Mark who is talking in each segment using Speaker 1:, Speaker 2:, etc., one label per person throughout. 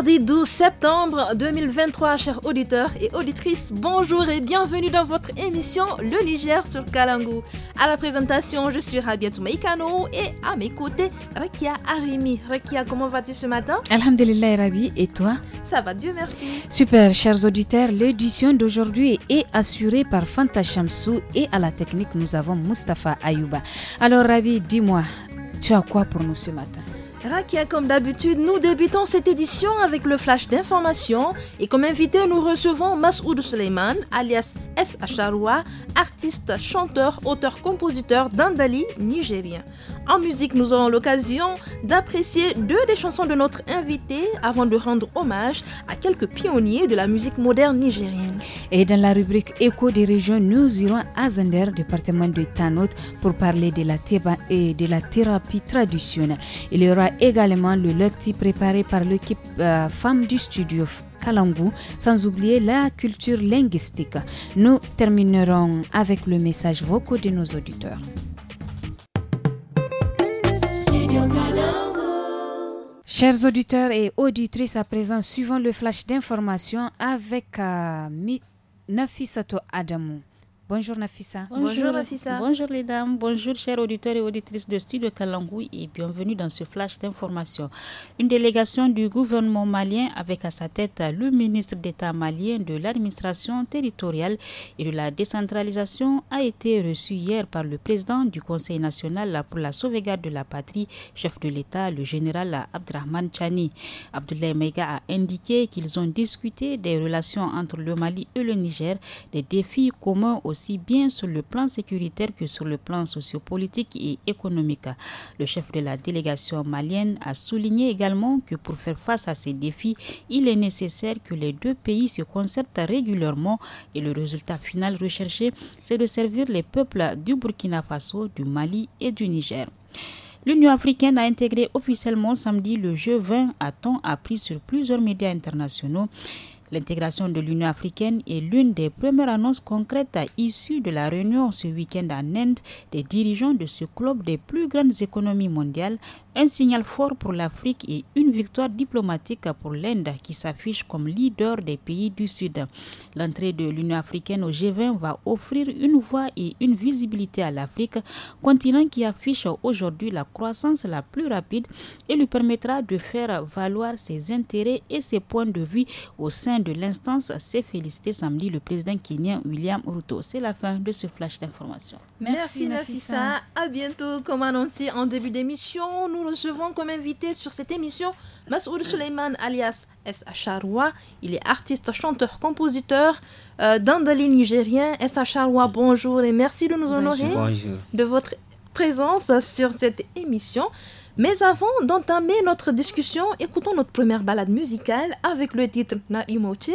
Speaker 1: mardi 12 septembre 2023, chers auditeurs et auditrices, bonjour et bienvenue dans votre émission Le Niger sur Kalangu. À la présentation, je suis Rabia Toumaïkano et à mes côtés, Rakia Arimi. Rakia, comment vas-tu ce matin Alhamdulillah, Rabi, et toi Ça va, Dieu merci.
Speaker 2: Super, chers auditeurs, l'édition d'aujourd'hui est assurée par Fanta Chamsou et à la technique, nous avons Mustapha Ayouba. Alors, Rabi, dis-moi, tu as quoi pour nous ce matin
Speaker 1: Rakia, comme d'habitude, nous débutons cette édition avec le flash d'information et comme invité, nous recevons Masoud Suleiman, alias S. Acharoua, artiste, chanteur, auteur, compositeur d'Andali nigérien. En musique, nous aurons l'occasion d'apprécier deux des chansons de notre invité avant de rendre hommage à quelques pionniers de la musique moderne nigérienne. Et dans la rubrique Écho
Speaker 2: des régions, nous irons à Zender, département de Tanot, pour parler de la, théba et de la thérapie traditionnelle. Il y aura également le loti préparé par l'équipe euh, femme du studio Kalangu, sans oublier la culture linguistique. Nous terminerons avec le message vocaux de nos auditeurs. Chers auditeurs et auditrices, à présent, suivons le flash d'information avec euh, Nafisato Adamou. Bonjour Nafissa. Bonjour Nafissa. Bonjour
Speaker 3: les dames, bonjour chers auditeurs et auditrices de Studio Kalangoui et bienvenue dans ce flash d'information. Une délégation du gouvernement malien avec à sa tête le ministre d'État malien de l'administration territoriale et de la décentralisation a été reçue hier par le président du Conseil national pour la sauvegarde de la patrie, chef de l'État, le général Abdrahman Chani. Abdoulaye Mega a indiqué qu'ils ont discuté des relations entre le Mali et le Niger, des défis communs aux aussi bien sur le plan sécuritaire que sur le plan sociopolitique et économique. Le chef de la délégation malienne a souligné également que pour faire face à ces défis, il est nécessaire que les deux pays se concertent régulièrement et le résultat final recherché, c'est de servir les peuples du Burkina Faso, du Mali et du Niger. L'Union africaine a intégré officiellement samedi le jeu 20 à temps appris sur plusieurs médias internationaux. L'intégration de l'Union africaine est l'une des premières annonces concrètes issues de la réunion ce week-end en Inde des dirigeants de ce club des plus grandes économies mondiales, un signal fort pour l'Afrique et une victoire diplomatique pour l'Inde qui s'affiche comme leader des pays du Sud. L'entrée de l'Union africaine au G20 va offrir une voix et une visibilité à l'Afrique, continent qui affiche aujourd'hui la croissance la plus rapide et lui permettra de faire valoir ses intérêts et ses points de vue au sein de l'instance, s'est félicité samedi le président kenyan William Ruto. C'est la fin de ce flash d'information.
Speaker 1: Merci, Nafisa, À bientôt. Comme annoncé en début d'émission, nous recevons comme invité sur cette émission Masoud Suleiman alias S. Il est artiste, chanteur, compositeur euh, d'Andali nigérien. S. bonjour et merci de nous honorer de votre présence sur cette émission. Mais avant d'entamer notre discussion, écoutons notre première balade musicale avec le titre Naimoche,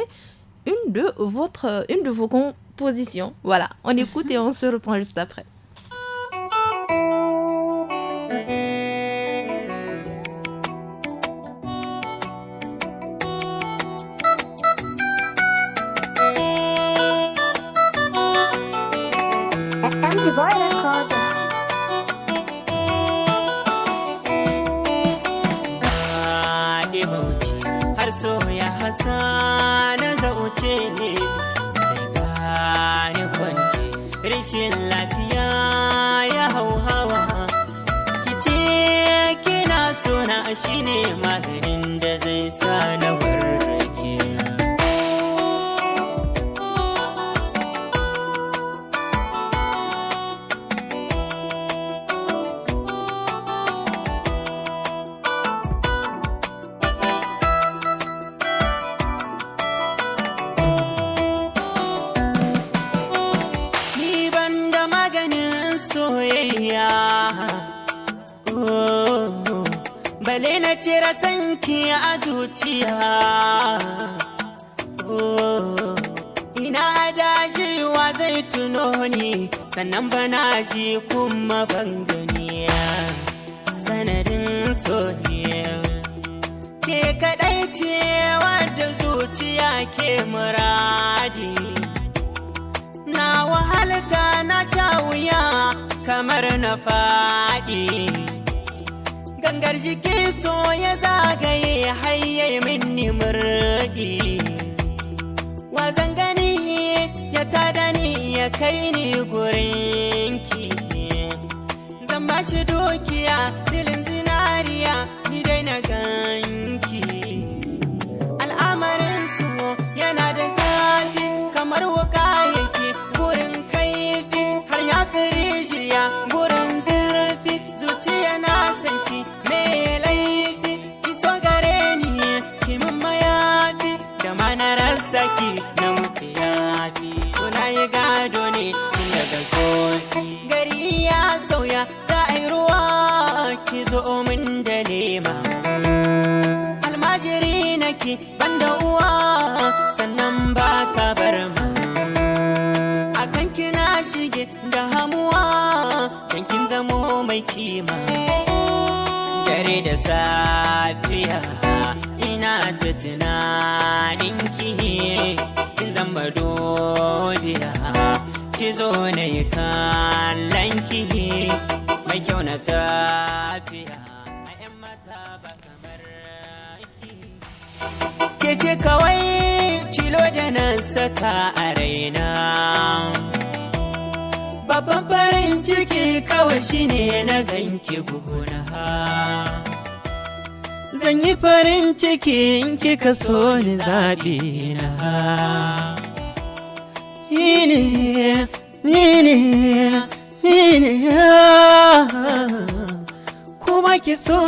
Speaker 1: une de, votre, euh, une de vos compositions. Voilà, on écoute et on se reprend juste après.
Speaker 4: ka so ni zaɓi na ni ne ni kuma ki so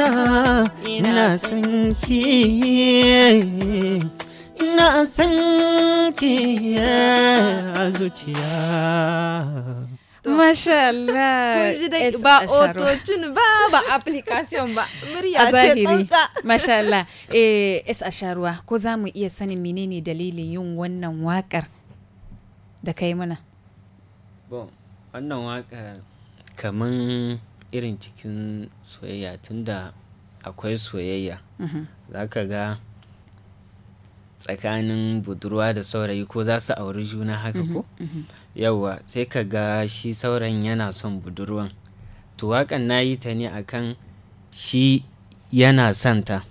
Speaker 4: na ina san ki ina san ki a zuciya Masha S ba
Speaker 1: otocin ba ba application ba murya ce tsantsa masha Allah eh
Speaker 2: S Asharuwa ko za mu iya sanin menene dalilin yin wannan wakar da kai mana
Speaker 5: bon wannan wakar kaman irin cikin soyayya tunda akwai soyayya mhm. za ka ga tsakanin budurwa da saurayi ko za su auri juna haka mhm, ko mhm. yauwa sai ka ga shi sauran yana son budurwan to waƙan na yi ta ne akan shi yana santa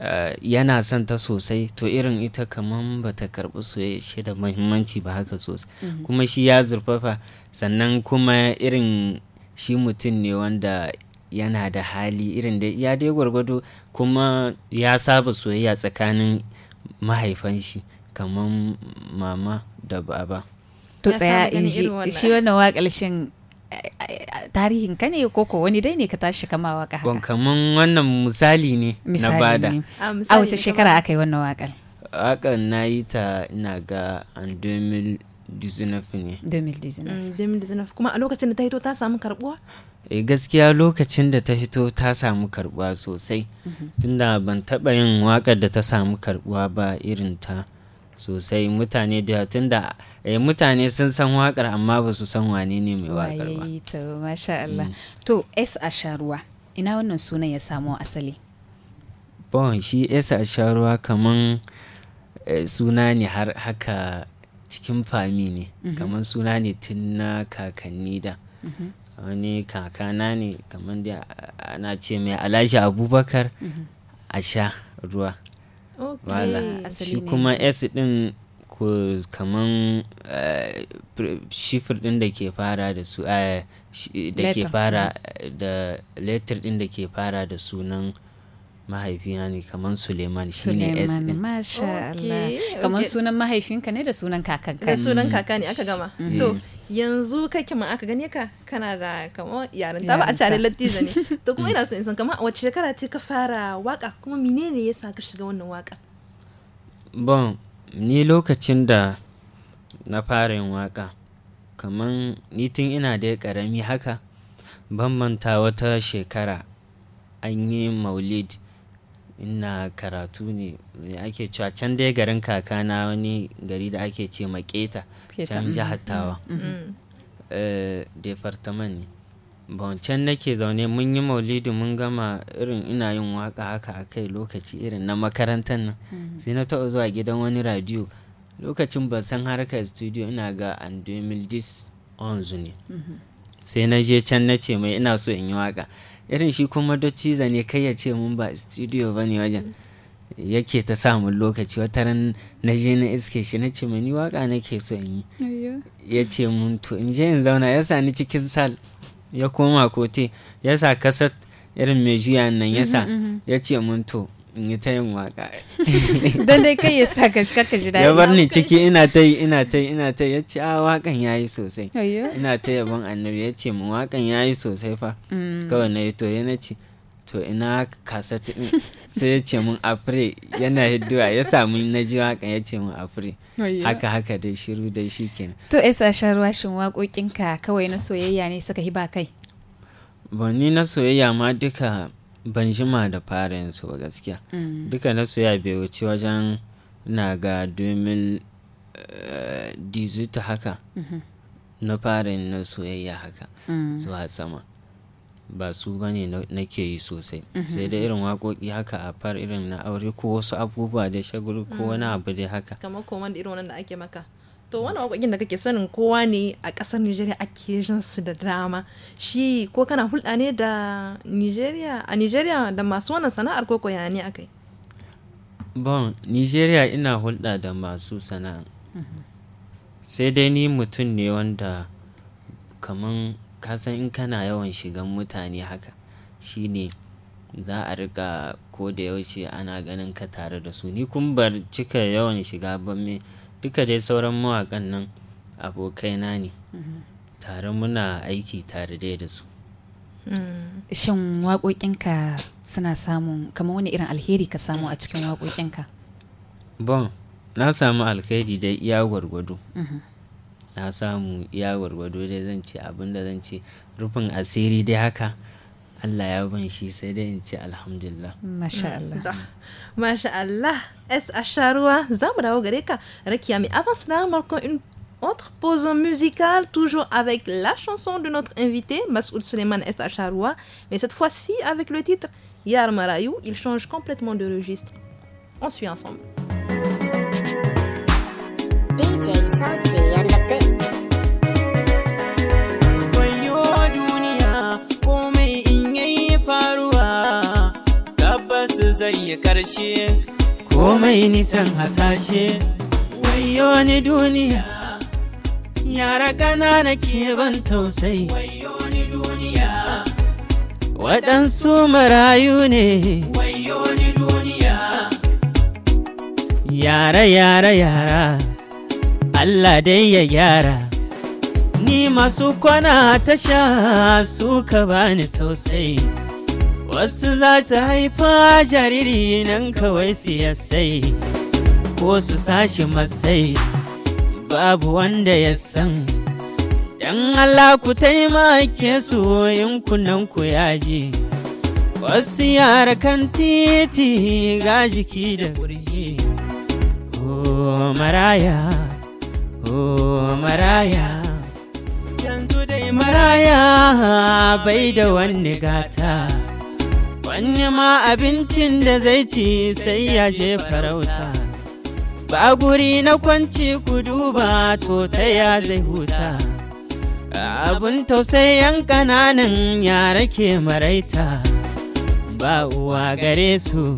Speaker 5: eh, yana santa sosai to irin ita kaman ta karɓi soyayya shi da muhimmanci ba haka sosai mm-hmm. kuma shi ya zurfafa sannan kuma irin shi mutum ne wanda yana da hali irin da ya dai gwargwado kuma ya saba soyayya tsakanin mahaifan shi kaman mama da baba to tsaya shi
Speaker 2: wannan waƙalshin tarihin ka ne ko wani dai ne ka tashi kama waka
Speaker 5: haka? kaman wannan misali ne na bada.
Speaker 2: Ah, a wace shekara aka
Speaker 1: yi wannan wakar?
Speaker 5: Wakar na yi ta ina ga 2019 ne.
Speaker 1: 2019. 2019 mm, kuma a lokacin da ta hito ta samu karbuwa?
Speaker 5: e eh, gaskiya lokacin da ta hito ta samu karbuwa sosai. Mhm. Tunda ban taba yin wakar da ta samu karbuwa ba irin ta. sosai mutane da tun da eh, mutane sun san wakar amma ba su san wane ne mai wakar ba
Speaker 2: to masha Allah mm. to S a sharuwa ina wannan sunan ya samo asali
Speaker 5: bon shi S a sharuwa kaman eh, suna ne har haka cikin fami ne mm-hmm. kaman suna ne tun na kakanni da mm-hmm. wani kakana ne kaman da ana ce mai alhaji abubakar mm-hmm. a sha ruwa wala shi kuma s din ku kaman eh, shifir din da ke fara da su eh, da ke fara eh, da letter din da ke fara da sunan mahaifina ne kamar Suleiman
Speaker 2: shine S din. Masha Allah. Kamar sunan mahaifinka ne da sunan kakanka. Da sunan kaka ne aka mm. gama. Mm. To
Speaker 1: yanzu kake ma aka gane ka kana da kamar yaran ta ba a tare lattijo ne. To kuma mm. ina son in san kamar wace shekara ce ka fara waka kuma menene ya sa ka shiga wannan waka?
Speaker 5: Bon, ni lokacin da na fara yin waka kamar ni tun ina da karami haka ban manta wata shekara an yi maulidi. ina karatu ne ake cewa can dai garin kakana wani gari da ake ce maketa can jihar tawa mm-hmm. mm-hmm. eh, departament ne can nake zaune mun yi maulidi mun gama irin ina yin waka haka a kai lokaci irin na makarantar nan mm-hmm. sai na taɓa zuwa gidan wani radiyo lokacin ban san harkar studio ina ga and mildis onzu ne sai na je can na ce mai ina so in yi waka irin shi kuma dociza ne kai ya ce mun ba studio ba ne wajen yake ta samun lokaci wata ran na je na iske shi na ce mani waka nake so in yi ya ce mun to in je in zauna ya sa ni cikin sal ya koma kote ya sa kasat irin mai juya nan ya sa mm-hmm, mm-hmm. ya ce mun to in yi ta yin waka
Speaker 2: don dai kai ya sa gaska ka ji daɗi ya bar ni
Speaker 5: ciki ina ta yi ina ta yi ina ta yi ya ce a ah, wakan ya yi sosai ina ta yabon annabi ya ce mu wakan ya yi sosai fa mm. kawai na yi to ya na ce to ina kasa ɗin sai ya ce mun afire yana hidduwa ya samu na ji wakan ya ce mun afire haka haka dai shiru dai shi kenan
Speaker 2: to sa sharuwa shin waƙoƙinka kawai na soyayya ne suka hiba kai
Speaker 5: ba ni na soyayya ma duka ban jima da fara yanzu ba gaskiya mm. duka na soya bai wuce wajen na ga eh, dizuta haka mm-hmm. na fara yin na soyayya haka mm. zuwa sama ba su bane ke yi sosai mm-hmm. sai da irin wakoki haka a far irin na aure ko wasu abubuwa da shagulu ko mm. wani abu dai haka
Speaker 1: kamar da irin wannan da ake maka to wani waƙoƙin da kake sanin kowa ne a kasar nigeria ake jin su da dama shi ko kana hulɗa ne da nigeria a nigeria da masu wannan sana'ar ko koya ne akai
Speaker 5: bon nigeria ina hulɗa da masu sana'a sai dai ni mutum ne wanda kaman kasan in kana yawan shigan mutane haka shine za a rika ko da yaushe ana ganin ka tare da su ni kun bar cika yawan shiga ba me duka dai sauran mawaƙan nan abokaina ne tare muna aiki tare dai da su
Speaker 2: mm. shin waƙoƙinka suna samun kamar wani irin alheri ka samu a cikin waƙoƙinka
Speaker 5: bon na samu alheri dai iya gwargwado mm-hmm. na samu iya gwargwado dai zan ce abinda zan ce rufin asiri dai haka Allah ya shi sai in alhamdulillah. Masha Allah.
Speaker 1: Masha Allah. S a Charoua, Zamra Rekiami. Avant cela, marquons une autre pause musicale, toujours avec la chanson de notre invité, Masoud Suleiman S a mais cette fois-ci avec le titre Yar Marayou. Il change complètement de registre.
Speaker 6: On suit ensemble.
Speaker 4: zai yi karshe komai nisan hasashe wayo ni duniya yara ƙanana ke ban tausayi wayo ni duniya waɗansu marayu ne wayo ni duniya yara yara yara Allah dai ya gyara ni masu kwana tasha suka bani tausayi wasu za ta haifa jariri nan kawai siyasai ko su sashi matsai babu wanda ya san dan Allah ku taimake su in kunan ku yaji wasu yara kan titi ga jiki da kurji o maraya o maraya yanzu dai maraya bai da wani gata wani ma abincin da zai ci sai ya je farauta ba guri na kwanci ku duba to ta ya zai huta abun yan ƙananan yara ke maraita ba uwa gare su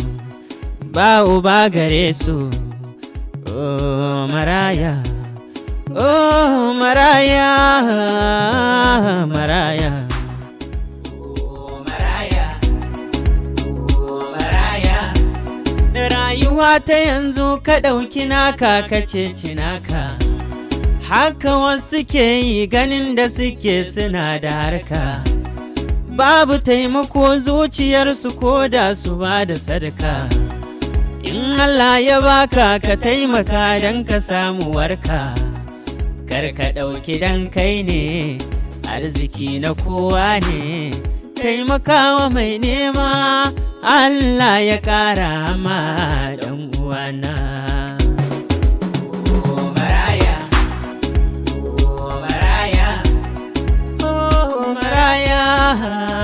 Speaker 4: ba uba gare su oh maraya oh maraya maraya rayuwa ta yanzu ka ɗauki naka ka ceci naka haka wasu ke yi ganin da suke suna da harka babu taimako zuciyarsu ko da su ba da sadaka in Allah ya baka ka taimaka don ka samu warka kar ka ɗauki don kai ne arziki na kowa ne taimakawa mai nema Allah ya kara ma ɗan uwana. Oh, oh, oh,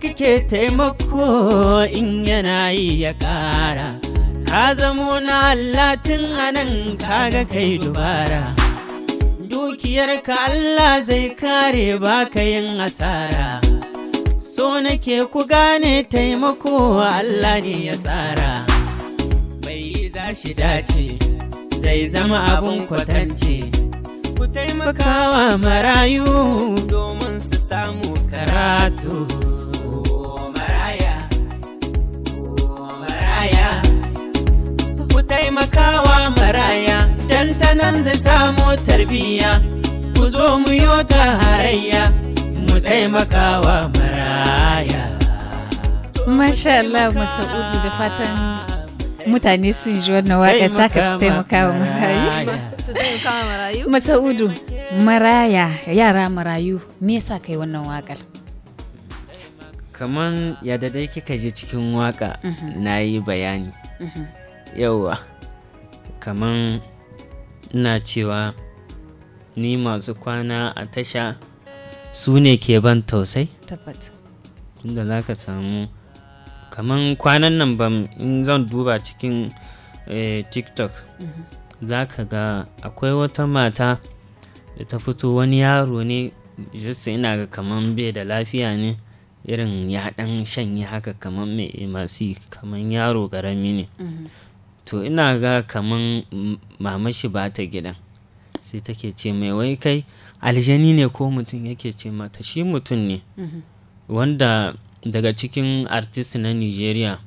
Speaker 4: kake taimako in yana yi ya ƙara ka zamo na Allah tun anan kaga kai dubara dukiyarka Allah zai kare baka yin asara so nake ku gane taimako Allah ne ya tsara bai yi za shi dace zai zama abun kwatance ku taimakawa marayu domin su samu karatu taimakawa maraya dan ta nan zai samo tarbiyya ku zo mu yo ta harayya mu taimakawa maraya
Speaker 2: Masha Allah Masa'udu da fatan mutane sun ji wannan waƙar ka su taimakawa
Speaker 7: marayu.
Speaker 2: Masa'udu maraya yara marayu me yasa kai wannan waƙar?
Speaker 5: Kaman yadda dai kika je cikin waƙa mhm. na yi bayani. Mhm. yauwa kaman ina cewa ni masu kwana a tasha su ne ke ban tausai tabbat inda za ka samu kaman kwanan nan ban in zan duba cikin eh, tiktok mm-hmm. za ka ga akwai wata mata da ta fito wani yaro ne ina ga kaman bai da lafiya ne irin ya dan haka kaman mai masu kaman yaro garami ne mm-hmm. to ina ga kaman mamashi ba ta gidan sai take ce mai wai kai aljani ne ko mutum yake ce mata shi mutum ne mm-hmm. wanda daga cikin artist na nigeria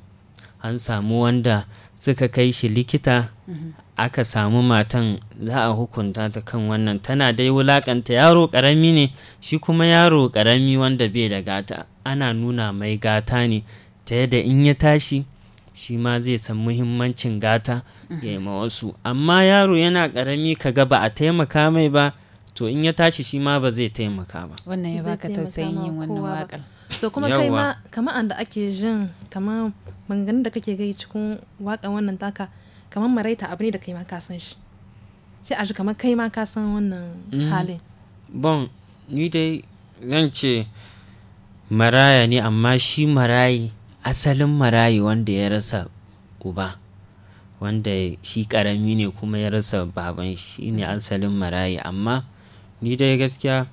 Speaker 5: an samu wanda suka kai shi likita mm-hmm. aka samu matan za a hukunta ta kan wannan tana dai wulakanta yaro karami ne shi kuma yaro karami wanda bai da gata ana nuna mai gata ne ta yadda in ya tashi shi ma zai san muhimmancin gata ya yi ma wasu amma yaro yana ƙarami ka ga ba a taimaka mai ba to in ya tashi shi ma ba zai taimaka ba
Speaker 2: wannan ya baka tausayin yin wannan waƙar
Speaker 1: to kuma kai ma kamar an da ake jin kamar maganganun da kake gai cikin waƙar wannan taka kamar maraita abu ne da kai ma ka san shi sai a ji kamar kai ma ka san wannan mm-hmm. halin
Speaker 5: bon ni dai zan ce maraya ne amma shi marayi asalin marayi wanda ya rasa uba wanda shi ƙarami ne kuma ya rasa baban shi ne asalin marayu amma ni dai gaskiya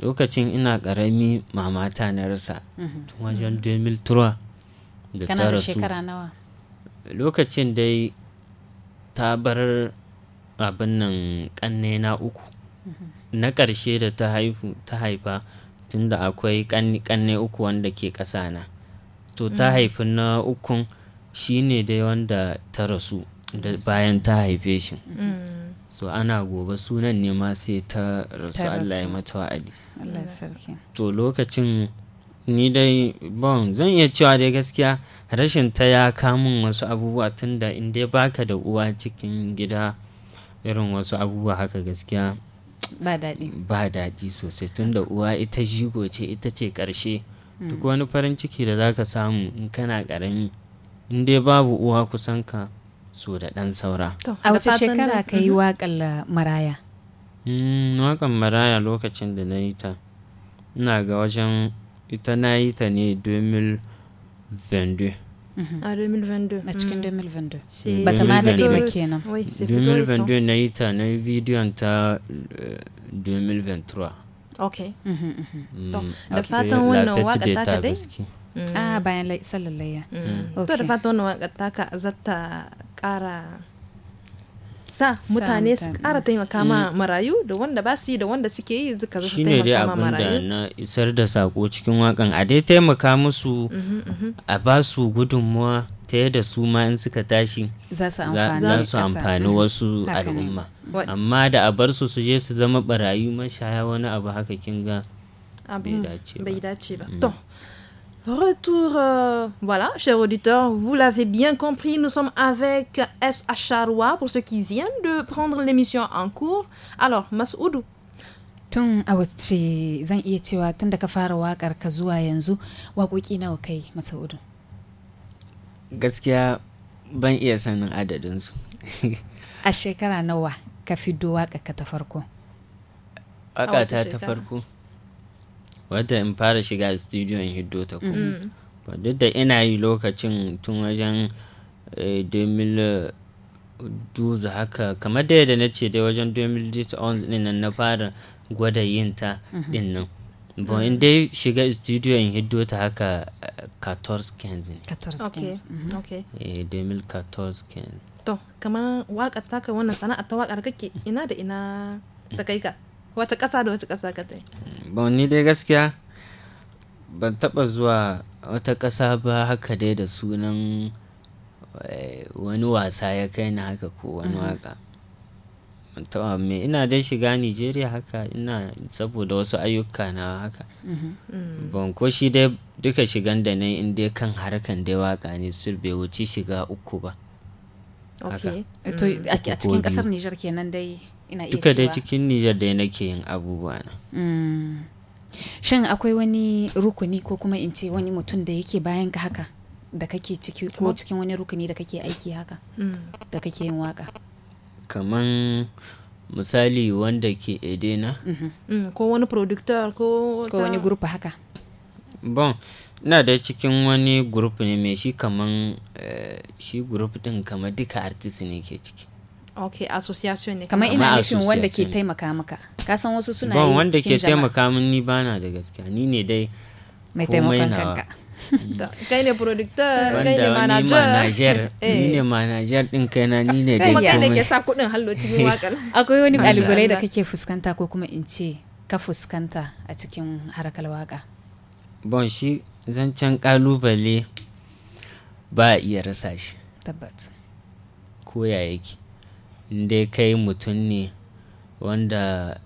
Speaker 5: lokacin ina ƙarami mamata na rasa mhm. tun wajen 2003 da ta rasu lokacin dai ta bar abin nan kanne na uku mhm. na ƙarshe da ta haifa tunda akwai kanne uku wanda ke ƙasa na to ta mm. haifi na ukun shine dai wanda ta rasu da bayan ta haife shi mm. so ana gobe sunan ne ma sai ta rasu allah ya mata wa'adi to lokacin ni dai bon zan iya cewa dai gaskiya rashin ta ya kamun wasu abubuwa tunda in dai baka da uwa cikin gida irin wasu abubuwa haka gaskiya
Speaker 2: ba daɗi ba daɗi
Speaker 5: sosai tunda uwa ita jigo ce ita ce ƙarshe duk wani farin ciki da za ka samu in kana karami in dai babu uwa kusan ka so da ɗan saura
Speaker 2: a wace shekara ka yi mhm. waƙar maraya
Speaker 5: mm, waƙar maraya lokacin da na yi ta ina ga wajen ita na yi ta ne 2022
Speaker 1: a 2022 a cikin
Speaker 2: 2022 mm. ba ta ma daɗe ba kenan 2022
Speaker 5: na yi ta na yi bidiyon ta 2023 euh,
Speaker 1: okay
Speaker 2: to
Speaker 5: da fatan wannan waka taka dai
Speaker 1: a bayan sallar layya to da fatan wannan waka taka zata kara sa mutane su kara taimaka ma mm. marayu da wanda ba su yi da wanda suke yi duka su taimaka ma marayu shine
Speaker 5: na isar da sako cikin wakan a dai taimaka musu mhm, mhm. a ba su gudunmuwa ta yadda su ma in suka tashi za su amfani mm. wasu al'umma amma da a bar su su je su zama barayi mashaya wani abu haka kin ga
Speaker 1: bai dace ba mm. Retour, euh, voilà, chers auditeurs, vous l'avez bien compris, nous sommes avec S. Acharwa pour ceux qui viennent de prendre l'émission en cours. Alors, Masoudou.
Speaker 2: tun a wacce zan iya cewa tun da ka fara wakar ka zuwa yanzu waƙoƙi nawa kai masaudu
Speaker 5: gaskiya ban iya sanin adadinsu
Speaker 2: a shekara nawa ka fido waƙa ta farko
Speaker 5: waƙata ta farko wadda in fara shiga studio in hiddo ta kuma mm-hmm. duk da ina yi lokacin tun wajen 2000 eh, haka kamar da yadda na ce dai wajen 2011 na fara gwada yin ta din mm-hmm. nan bon hmm. in dai shiga studio in hiddo ta haka 14-15 eh, ne ok 2014-15 mhm. eh,
Speaker 1: to kamar waƙar taka wannan sana'ar ta wakar kake ina da ina ta kai ka wata kasa da wata kasa ka tai
Speaker 5: bon ni dai gaskiya ban taɓa zuwa wata ƙasa ba haka dai da sunan eh, wani wasa ya kai na haka ko wani mhm. waka. To me ina dai shiga Nigeria haka ina saboda wasu ayyuka na haka.
Speaker 7: Mm-hmm.
Speaker 5: Ban ko shi dai duka shigan da na in dai kan harkan dai waka ne su bai wuce shiga uku ba.
Speaker 2: Eh, a cikin kasar Nijar kenan dai ina iya Duka dai cikin
Speaker 5: Nijar dai nake yin abubuwa na.
Speaker 7: Mm.
Speaker 2: Shin akwai wani rukuni ko kuma in ce wani mutum da yake bayan ka haka da kake ciki ko cikin wani rukuni da kake aiki haka mm. da kake yin waka?
Speaker 5: kaman misali wanda ke edena
Speaker 1: mm-hmm. mm, ko wani producteur ko wani group haka
Speaker 5: bon na da cikin wani group ne mai shi kaman eh, shi group din kamar duka artist ne ke ciki
Speaker 1: ok association ne kamar
Speaker 2: ina nufin wanda ke taimaka maka kasan wasu suna yi cikin jama'a wanda ke taimaka
Speaker 5: mini ni bana da gaskiya ni ne dai mai taimakon kanka
Speaker 1: kai ne producteur
Speaker 5: kai ne manager ni ne manager din kai na ni ne dai kai ne ke sa kudin hallo cikin wakal
Speaker 1: akwai wani kalubale da kake
Speaker 2: fuskanta ko kuma in ce ka fuskanta a cikin harkar waka
Speaker 5: bon shi zancen kalubale ba iya rasa shi tabbat ko ya yake dai kai mutum ne wanda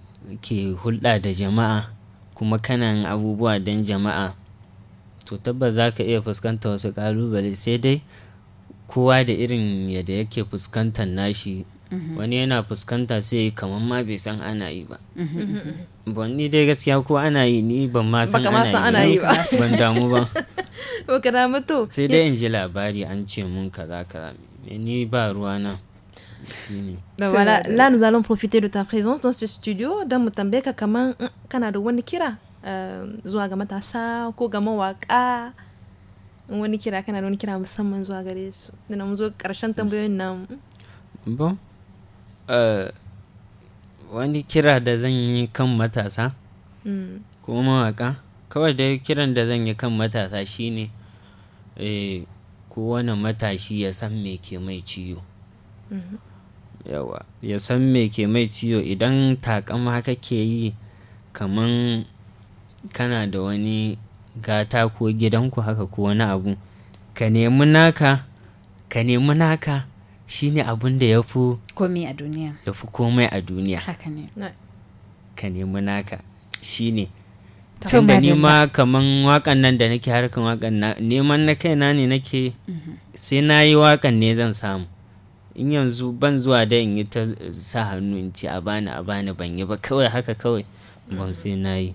Speaker 5: ke hulɗa da jama'a kuma kanan abubuwa don jama'a to tabbas za ka iya fuskanta wasu ƙalubale sai dai kowa da irin yadda yake fuskantar nashi mm-hmm. wani yana fuskanta sai kamar ma bai san ana yi ba
Speaker 7: mm-hmm.
Speaker 5: ban ni dai gaskiya ko ana yi ni ban ma san ana yi ba ban damu ba
Speaker 1: sai dai in
Speaker 5: ji labari an ce mun kaza kaza ni ba ruwa
Speaker 1: Ben voilà, là nous allons profiter de ta présence dans ce studio. Dan kana da wani kira Um, zuwa ga matasa ko ga mawaƙa in wani kira kana da wani kira musamman zuwa gare su da na zo karshen tambayoyin nan
Speaker 5: bon eh, wani kira da zan yi kan matasa mm. ko mawaƙa kawai da kiran da zan yi kan matasa shine eh, wani matashi ya san me ke mai ciwo mm-hmm. yawa ya san me ke mai ciwo idan takama kake yi kaman kana da wani gata ko gidanku haka ko wani abu ka nemi naka ka nemi naka shine abin da ya fi
Speaker 2: komai a duniya
Speaker 5: ya fi komai a duniya haka ne ka nemi naka shine tunda ni ma kaman wakan nan da nake harkan wakan na neman na kaina ne nake mhm. sai na yi wakan ne zan samu in yanzu ban zuwa da in yi ta sa hannu in ci a bani a bani ban yi ba kawai haka kawai ban mm. sai na yi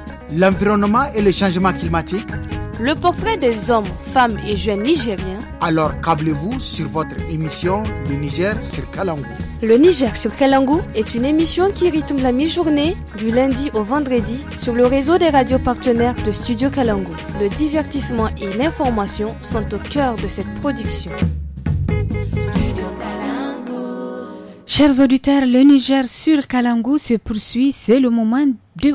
Speaker 8: l'environnement et le changement climatique.
Speaker 1: Le portrait des hommes, femmes et jeunes nigériens.
Speaker 8: Alors câblez-vous sur votre émission Le Niger sur Kalangou.
Speaker 1: Le Niger sur Kalangou est une émission qui rythme la mi-journée du lundi au vendredi sur le réseau des radios partenaires de Studio Kalangou. Le divertissement et l'information sont au cœur de cette production.
Speaker 2: Chers auditeurs, le Niger sur Kalangou se poursuit. C'est le moment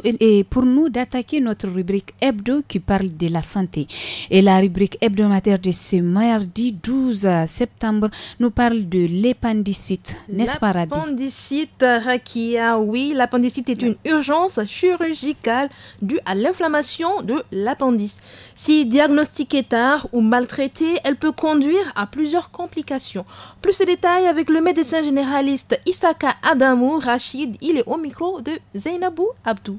Speaker 2: et pour nous d'attaquer notre rubrique hebdo qui parle de la santé. Et la rubrique hebdomadaire de ce mardi 12 septembre nous parle de l'épandicite, n'est-ce pas Rabi
Speaker 1: L'appendicite, Rakia, oui, l'appendicite est une urgence chirurgicale due à l'inflammation de l'appendice. Si diagnostiquée tard ou maltraitée, elle peut conduire à plusieurs complications. Plus de détails avec le médecin généraliste Isaka Adamou Rachid, il est au micro de Zeynabou Abdou.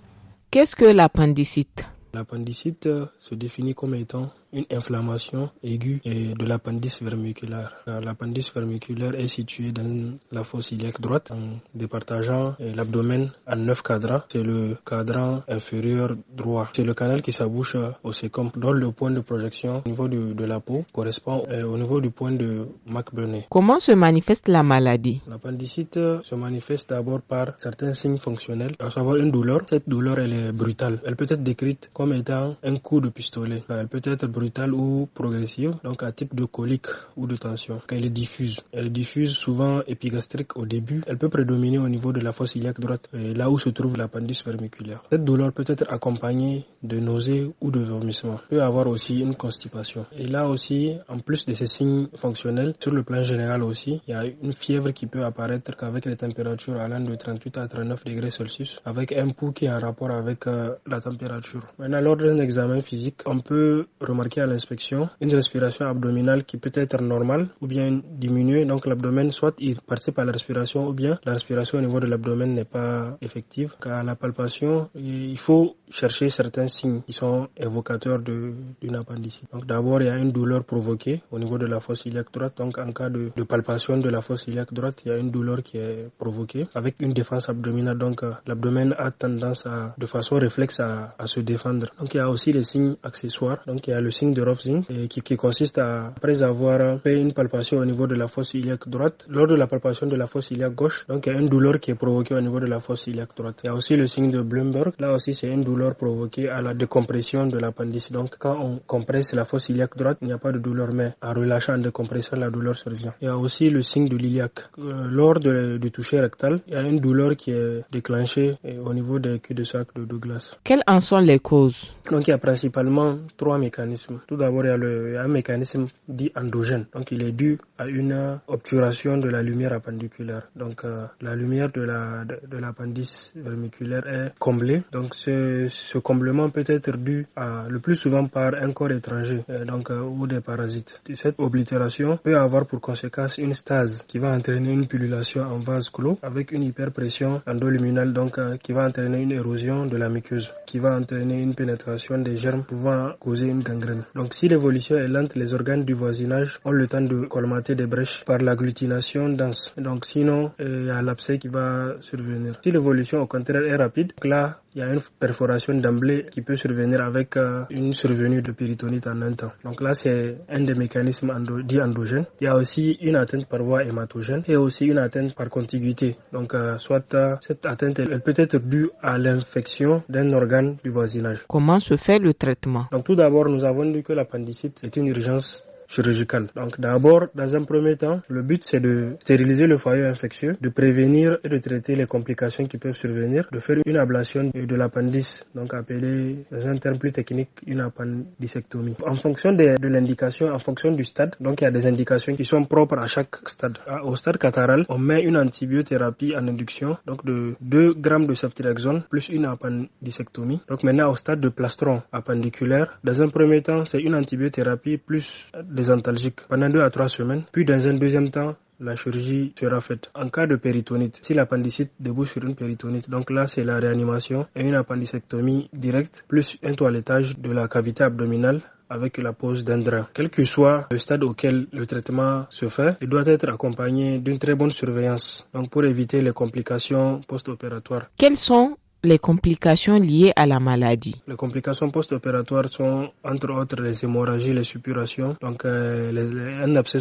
Speaker 9: Qu'est-ce que l'appendicite L'appendicite se définit comme étant une inflammation aiguë de l'appendice vermiculaire. Euh, l'appendice vermiculaire est situé dans la fosse iliaque droite en départageant euh, l'abdomen en neuf cadrans. C'est le cadran inférieur droit. C'est le canal qui s'abouche euh, au sécom, dans le point de projection au niveau de, la peau correspond au niveau du point de McBurney.
Speaker 3: Comment se manifeste la maladie
Speaker 9: L'appendicite se manifeste d'abord par certains signes fonctionnels, à savoir une douleur. Cette douleur, elle est brutale. Elle peut être décrite comme étant un coup de pistolet. Elle peut être brutale ou progressive, donc à type de colique ou de tension. qu'elle est diffuse. Elle diffuse souvent épigastrique au début. Elle peut prédominer au niveau de la fosse iliaque droite, euh, là où se trouve l'appendice vermiculaire. Cette douleur peut être accompagnée de nausées ou de vomissements. Peut avoir aussi une constipation. Et là aussi, en plus de ces signes fonctionnels, sur le plan général aussi, il y a une fièvre qui peut apparaître qu'avec les températures allant de 38 à 39 degrés Celsius, avec un pouls qui est en rapport avec euh, la température. Maintenant, lors d'un examen physique, on peut remarquer à l'inspection une respiration abdominale qui peut être normale ou bien diminuée. Donc l'abdomen, soit il participe à la respiration ou bien la respiration au niveau de l'abdomen n'est pas effective. À la palpation, il faut chercher certains signes qui sont évocateurs d'une appendicite. Donc d'abord, il y a une douleur provoquée au niveau de la fosse iliaque droite. Donc en cas de, de palpation de la fosse iliaque droite, il y a une douleur qui est provoquée avec une défense abdominale. Donc euh, l'abdomen a tendance à, de façon réflexe à, à se défendre. Donc il y a aussi les signes accessoires. Donc il y a le signe de Rovsing qui, consiste à, après avoir fait une palpation au niveau de la fosse iliaque droite, lors de la palpation de la fosse iliaque gauche, donc il y a une douleur qui est provoquée au niveau de la fosse iliaque droite. Il y a aussi le signe de Bloomberg, là aussi c'est une douleur provoquée à la décompression de l'appendice. Donc quand on compresse la fosse iliaque droite, il n'y a pas de douleur, mais en relâchant, en décompression, la douleur survient. Il y a aussi le signe de l'iliaque. Euh, lors de, du toucher rectal, il y a une douleur qui est déclenchée euh, au niveau des culs de sac de Douglas. Quelles en sont les causes Donc il y a principalement trois mécanismes. Tout d'abord, il, y a un mécanisme dit endogène. Donc, il est dû à une obturation de la lumière appendiculaire. Donc, euh, la lumière de la de, l'appendice vermiculaire est comblée. Donc, ce, ce, comblement peut être dû à, le plus souvent par un corps étranger, euh, donc euh, ou des parasites. cette oblitération peut avoir pour conséquence une stase qui va entraîner une pullulation en vase clos avec une hyperpression endoluminale, donc qui va entraîner une érosion de la muqueuse, qui va entraîner une pénétration des germes pouvant causer une gangrène. Donc si l'évolution est lente, les organes du voisinage ont le temps de colmater des brèches par l'agglutination dense. Donc sinon, euh, il y a l'abcès qui va survenir. Si l'évolution au contraire est rapide, là, il y a une perforation d'emblée qui peut survenir avec euh, une survenue de péritonite en un temps. Donc là, c'est un des mécanismes endo dits endogènes. Il y a aussi une atteinte par voie hématogène et aussi une atteinte par contiguïté. Donc, euh, soit cette atteinte elle, elle peut être due à l'infection d'un organe du voisinage.
Speaker 3: Comment se fait le traitement
Speaker 9: Donc, tout d'abord, nous avons que l'appendicite est une urgence chirurgical. Donc d'abord, dans un premier temps, le but c'est de stériliser le foyer infectieux, de prévenir et de traiter les complications qui peuvent survenir, de faire une ablation de l'appendice, donc appelée dans un terme plus technique une appendicectomie. En fonction de, de l'indication, en fonction du stade, donc il y a des indications qui sont propres à chaque stade. Au stade cataral, on met une antibiothérapie en induction, donc de 2 grammes de ceftriaxone plus une appendicectomie. Donc maintenant au stade de plastron appendiculaire, dans un premier temps c'est une antibiothérapie plus des antalgiques pendant deux à trois semaines, puis dans un deuxième temps, la chirurgie sera faite. En cas de péritonite, si l'appendicite débouche sur une péritonite, donc là c'est la réanimation et une appendicectomie directe, plus un toilettage de la cavité abdominale avec la pose d'un drap. Quel que soit le stade auquel le traitement se fait, il doit être accompagné d'une très bonne surveillance, donc pour éviter les complications post-opératoires.
Speaker 3: Quels sont les complications liées à la maladie.
Speaker 9: Les complications post-opératoires sont entre autres les hémorragies, les suppurations, donc euh, les, un abcès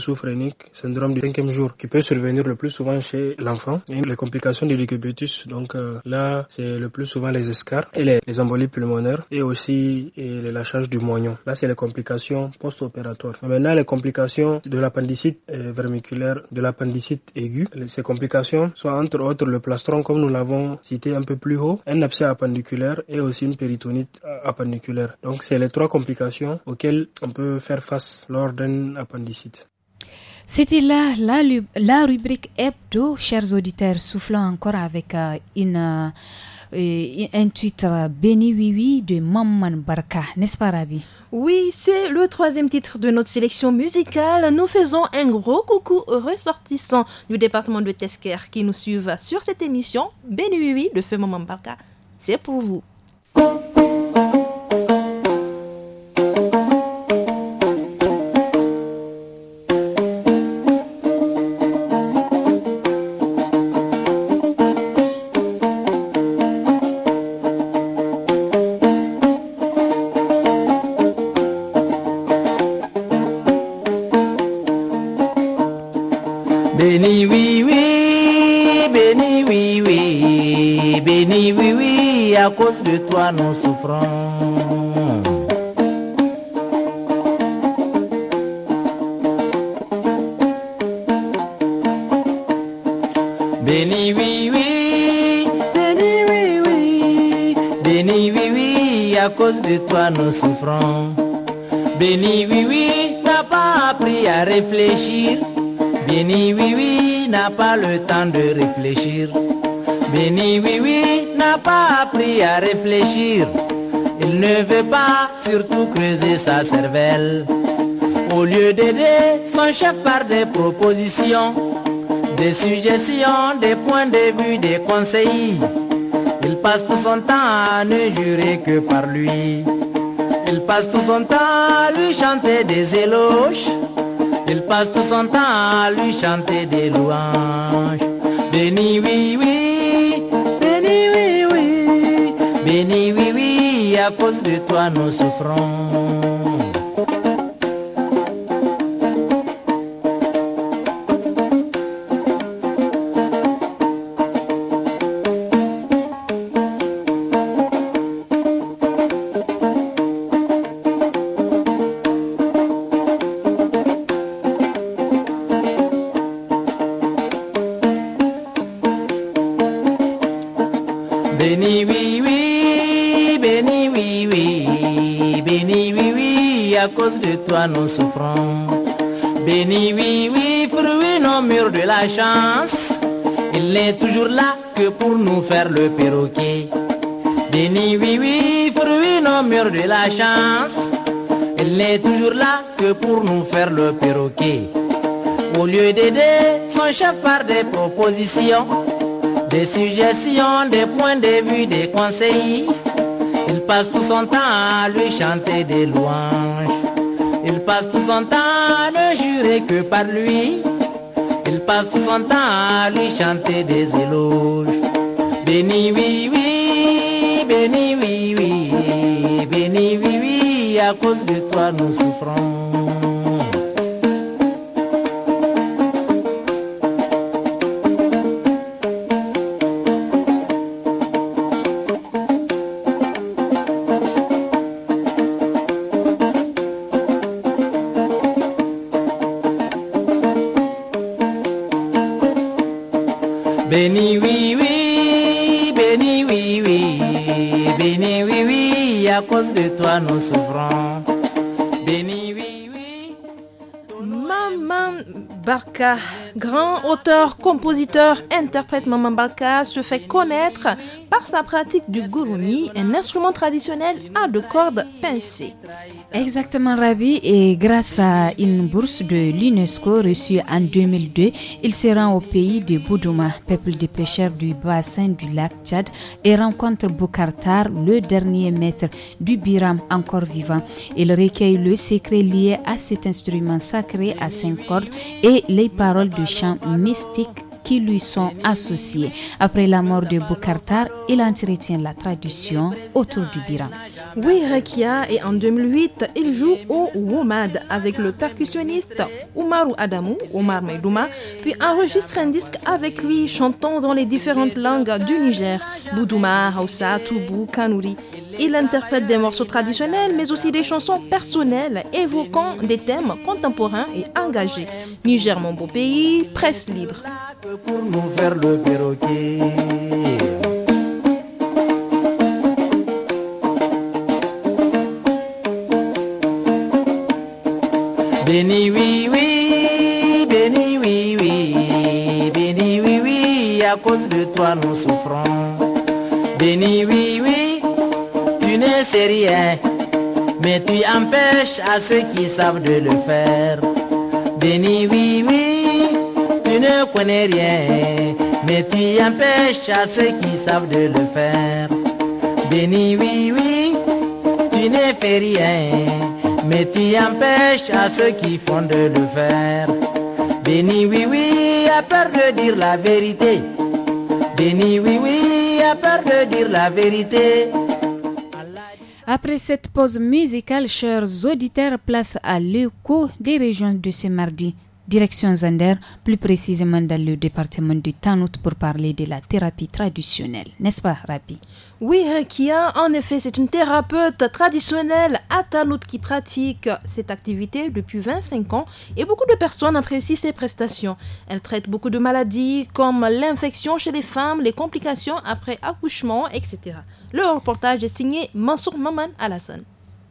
Speaker 9: syndrome du cinquième jour, qui peut survenir le plus souvent chez l'enfant. les complications du licubutus donc euh, là c'est le plus souvent les escarres et les, embolies pulmonaires et aussi et le du moignon. Là c'est les complications post-opératoires. Maintenant les complications de l'appendicite euh, vermiculaire, de l'appendicite aiguë, ces complications sont entre autres le plastron comme nous l'avons cité un peu plus haut, un abcès appendiculaire et aussi une péritonite euh, appendiculaire. Donc c'est les trois complications auxquelles on peut faire face lors d'un appendicite.
Speaker 2: C'était là la, la, rubrique hebdo, chers auditeurs, soufflant encore avec euh, une... Euh, un titre Béni
Speaker 1: Oui de Maman Barka, n'est-ce pas Ravi Oui, c'est le troisième titre de notre sélection musicale. Nous faisons un gros coucou aux ressortissants du département de Tesker qui nous suivent sur cette émission. Béni Oui de Feu Maman Barka, c'est pour vous.
Speaker 6: béni oui oui, béni oui oui, béni oui oui, à cause de toi nous souffrons. Béni oui oui, béni oui oui, béni oui oui, à cause de toi nous souffrons. Béni oui oui, n'a pas appris à réfléchir. Béni oui oui n'a pas le temps de réfléchir. Béni oui oui n'a pas appris à réfléchir. Il ne veut pas surtout creuser sa cervelle. Au lieu d'aider son chef par des propositions, des suggestions, des points de vue, des conseils, il passe tout son temps à ne jurer que par lui. Il passe tout son temps à lui chanter des éloges. Il passe tout son temps à lui chanter des louanges. Béni oui oui, béni oui oui, béni oui oui, à cause de toi nous souffrons. chance, il n'est toujours là que pour nous faire le perroquet. Béni, oui, oui, fruit nos murs de la chance, il n'est toujours là que pour nous faire le perroquet. Au lieu d'aider son chef par des propositions, des suggestions, des points de vue, des conseils, il passe tout son temps à lui chanter des louanges. Il passe tout son temps à ne jurer que par lui passe son temps à lui chanter des éloges. Béni oui oui, béni oui oui, béni oui oui, à cause de toi nous souffrons.
Speaker 1: grand auteur, compositeur, interprète Maman se fait connaître par sa pratique du gurumi, un instrument traditionnel à deux cordes pincées. Exactement, Rabbi. Et grâce
Speaker 2: à une bourse de l'UNESCO reçue en 2002, il se rend au pays de Boudouma, peuple des pêcheurs du bassin du lac Tchad, et rencontre Boukartar, le dernier maître du Biram encore vivant. Il recueille le secret lié à cet instrument sacré à cinq cordes et les paroles du chant mystique qui lui sont associés. Après la mort de Boukartar, il entretient la tradition
Speaker 1: autour du Bira. Oui, Rekia, et en 2008, il joue au Womad avec le percussionniste Oumarou Adamou, Omar Meidouma, puis enregistre un disque avec lui, chantant dans les différentes langues du Niger, Boudouma, Hausa, Toubou, Kanouri. Il interprète des morceaux traditionnels, mais aussi des chansons personnelles évoquant des thèmes contemporains et engagés. Niger, mon beau pays, presse libre.
Speaker 6: Pour nous le Béni oui oui, béni oui oui, béni oui oui, à cause de toi nous souffrons. Béni oui ne sais rien, mais tu empêches à ceux qui savent de le faire. Béni, oui, oui, tu ne connais rien, mais tu empêches à ceux qui savent de le faire. Béni, oui, oui, tu ne fais rien, mais tu empêches à ceux qui font de le faire. Béni, oui, oui, à peur de dire la vérité. Béni, oui, oui, à peur de dire la vérité.
Speaker 2: Après cette pause musicale, chers auditeurs, place à l'écho des régions de ce mardi direction Zander, plus précisément dans le département du
Speaker 1: Tanout pour parler de la thérapie traditionnelle, n'est-ce pas Rabi Oui, Rekia, hein, en effet, c'est une thérapeute traditionnelle à Tanout qui pratique cette activité depuis 25 ans et beaucoup de personnes apprécient ses prestations. Elle traite beaucoup de maladies comme l'infection chez les femmes, les complications après accouchement, etc. Le reportage est signé Mansour Maman Alassane.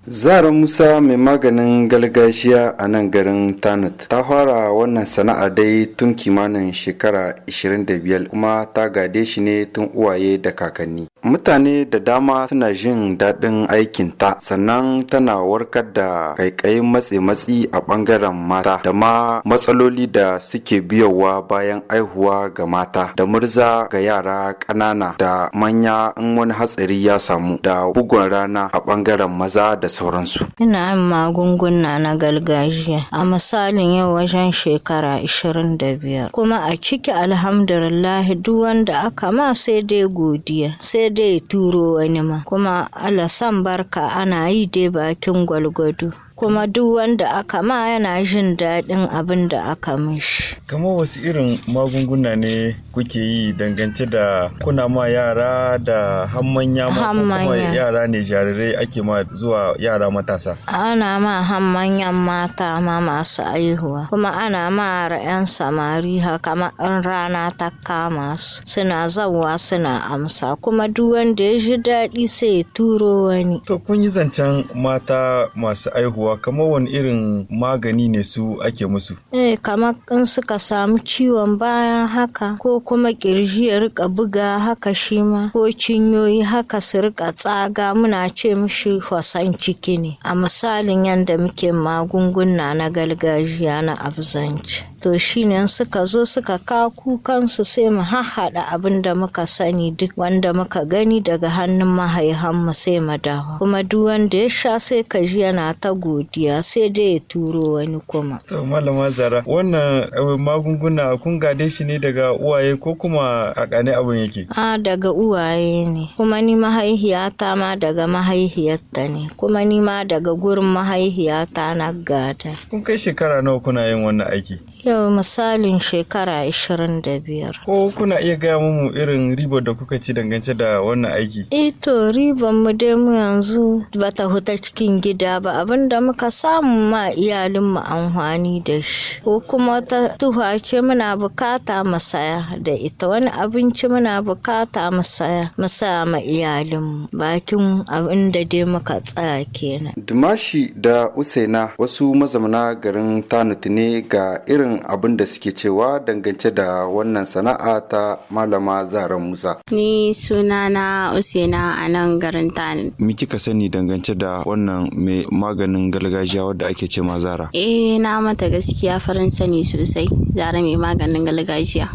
Speaker 10: Zara Musa mai maganin gargajiya a nan garin Tanut ta fara wannan sana'a dai tun kimanin shekara 25 kuma ta gade shi ne tun uwaye da kakanni. Mutane da dama suna jin daɗin aikin ta sannan tana warkar da kaikayin matse-matsi a ɓangaren mata da ma matsaloli da suke biyowa bayan aihuwa ga mata da murza ga yara ƙanana da manya in wani hatsari ya samu da bugun rana a ɓangaren maza da sauransu.
Speaker 11: Ina yin magunguna na gargajiya a misalin yau wajen shekara 25 kuma a ciki alhamdulillah duk wanda aka ma sai dai godiya sai dai turo wani ma kuma alasan barka ana yi dai bakin gwalgwado. kuma duk wanda aka ma yana jin daɗin abin da aka mishi.
Speaker 10: kamar wasu irin magunguna ne kuke yi dangance da kuna ma yara da hammanya kuma yara ne jarirai ake ma zuwa yara matasa
Speaker 11: ana ma hammanyan mata ma masu aihuwa kuma ana ma yan samari haka ma in rana ta kama su suna zawa suna amsa kuma duk wanda ya ji daɗi sai ya turo wani to
Speaker 10: kun yi zancen mata masu aihuwa yawwa kamar wani irin magani
Speaker 11: ne su ake musu eh kamar in suka samu ciwon baya haka ko kuma kirji ya rika buga haka shi ma ko cinyoyi haka su rika tsaga muna ce mushi fasan ciki ne a misalin yadda muke magunguna na gargajiya na abzanci to ne suka zo suka kawo kukansu sai mu haɗa abin da muka sani duk wanda muka gani daga hannun mahaihanmu sai mu dawa kuma duk wanda ya sha sai ka ji yana ta godiya sai dai ya turo wani kuma.
Speaker 10: to malama zara wannan eh, magunguna kun gade shi ne daga uwaye ko kuma a kane abin yake.
Speaker 11: a daga uwaye ne kuma ni mahaihiyata ma daga mahaihiyarta ne kuma ni ma daga gurin mahaihiyata na gada. kun
Speaker 10: kai shekara nawa kuna yin wannan aiki.
Speaker 11: yau da misalin shekara 25. Ko
Speaker 10: kuna iya gaya mu irin ribar da kuka ci dangance da wannan aiki?
Speaker 11: Ito eh to ribar mu dai mu yanzu ba ta huta cikin gida ba abin da muka samu ma iyalin mu amfani da shi. Ko kuma ta tuha ce muna bukata mu saya da ita wani abinci muna bukata mu saya mu saya ma iyalin mu. bakin abin da dai muka tsaya kenan.
Speaker 10: Dumashi da Usaina wasu mazauna garin Tanut ne ga irin abin da suke cewa dangance da wannan sana'a ta malama zaren Musa.
Speaker 11: Ni sunana Usaina a nan garin Tani.
Speaker 10: mi kika sani dangance da wannan mai maganin gargajiya wadda ake ce ma Zara?
Speaker 11: Eh na mata gaskiya farin sani sosai. Zara mai maganin gargajiya.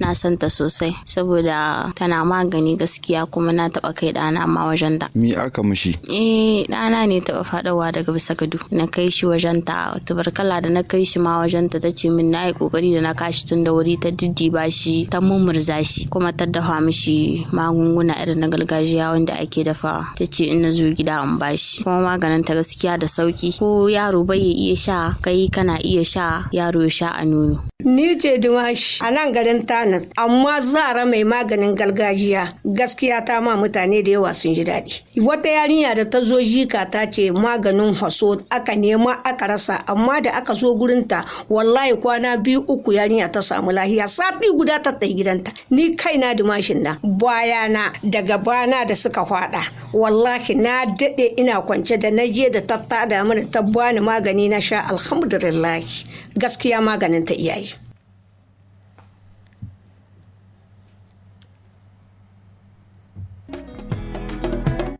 Speaker 11: na santa sosai saboda tana magani gaskiya kuma na taba kai ɗana ma wajen da.
Speaker 10: Mi aka mishi?
Speaker 11: Eh ɗana ne taba faɗawa daga bisa gado na kai shi wajen ta tubarkala da na kai shi ma wajen ta tace min na yi kokari da na kashi tun da wuri ta diddiba shi ta mumurza shi kuma ta dafa mishi magunguna irin na gargajiya wanda ake dafa ta ce in na zo gida in bashi kuma maganin ta gaskiya da sauki ko yaro bai iya sha kai kana iya sha yaro sha a nono. Ni ce Dumashi. a nan garin Tano maganin
Speaker 3: amma zara mai maganin gargajiya gaskiya ta ma mutane da yawa sun ji daɗi wata yarinya da ta zo jika ta ce maganin haso aka nema aka rasa amma da aka zo gurinta wallahi kwana biyu uku yarinya ta samu lahiya sati guda ta tsaye gidanta ni kaina dimashin na bayana daga bana da suka faɗa wallahi na daɗe ina kwance da na je da tattada da mana ta bani magani na sha alhamdulillah gaskiya maganin ta iyaye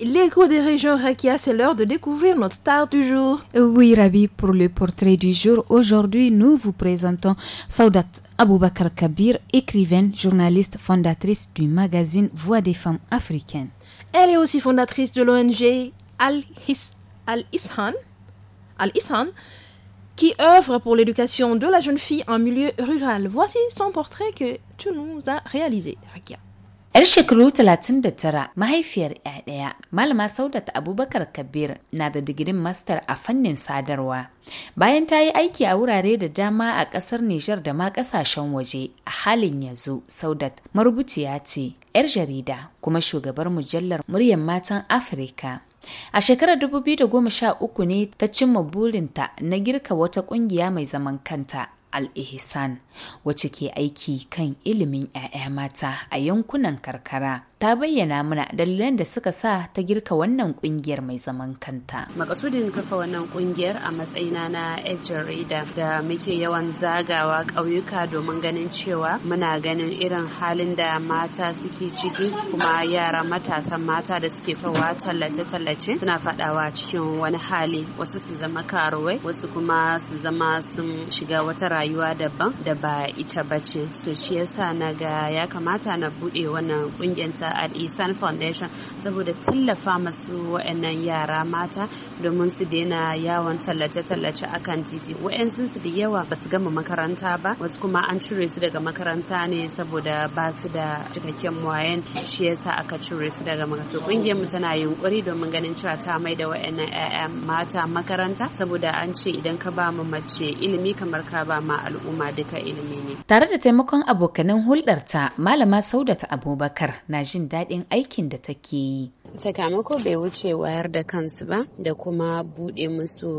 Speaker 1: l'écho des régions Rakia, c'est l'heure de découvrir
Speaker 2: notre star du jour. Oui, Rabi, pour le portrait du jour, aujourd'hui, nous vous présentons Saudat Aboubakar Kabir, écrivaine, journaliste, fondatrice du magazine Voix des femmes africaines.
Speaker 1: Elle est aussi fondatrice de l'ONG Al-Ishan, Al qui œuvre pour l'éducation de la jeune fille en milieu rural. Voici son portrait que tu nous as réalisé, Rakia. Yar shekaru
Speaker 2: 39 mahaifiyar ɗaya Malama Saudat Abubakar Kabir na da digirin Master a fannin sadarwa. Bayan ta yi aiki a wurare da dama a ƙasar Nijar da ma ƙasashen waje a halin yanzu Saudat marubuciya ce, 'yar jarida kuma shugabar mujallar muryar matan Afirka. A shekarar 2013 ne ta cimma burinta na girka wata ƙungiya mai zaman kanta Al-Ihsan. wacce ke aiki kan ilimin 'ya'ya mata a yankunan karkara ta bayyana mana dalilan da suka sa ta girka wannan kungiyar mai zaman kanta.
Speaker 12: Makasudin kafa wannan kungiyar a matsayina na yan jarida da muke yawan zagawa ƙauyuka domin ganin cewa muna ganin irin halin da mata suke ciki kuma yara matasan mata da suke fawa tallace-tallace suna faɗawa cikin wani hali wasu su zama karuwai wasu kuma su zama sun shiga wata rayuwa daban daban ba ita ba ce so shi yasa na ga ya kamata na buɗe wannan ƙungiyar ta al-isan e foundation saboda tallafa masu wa'annan yara mata domin su daina yawon tallace-tallace akan titi wa'yansu su da yawa ba su gama makaranta ba wasu kuma an cire su daga makaranta ne saboda ba su da cikakken wayan shi yasa aka cire su daga makaranta ƙungiyar mu tana yunkuri domin ganin cewa ta mai da wa'annan 'ya'ya mata makaranta saboda an ce idan ka ba mu mace ilimi kamar ka ba ma al'umma duka ilimi ilimi
Speaker 2: Tare da taimakon abokanan hulɗarta Malama Saudata Abubakar na jin
Speaker 12: daɗin aikin da take yi. sakamako bai wuce wayar da kansu ba da kuma buɗe musu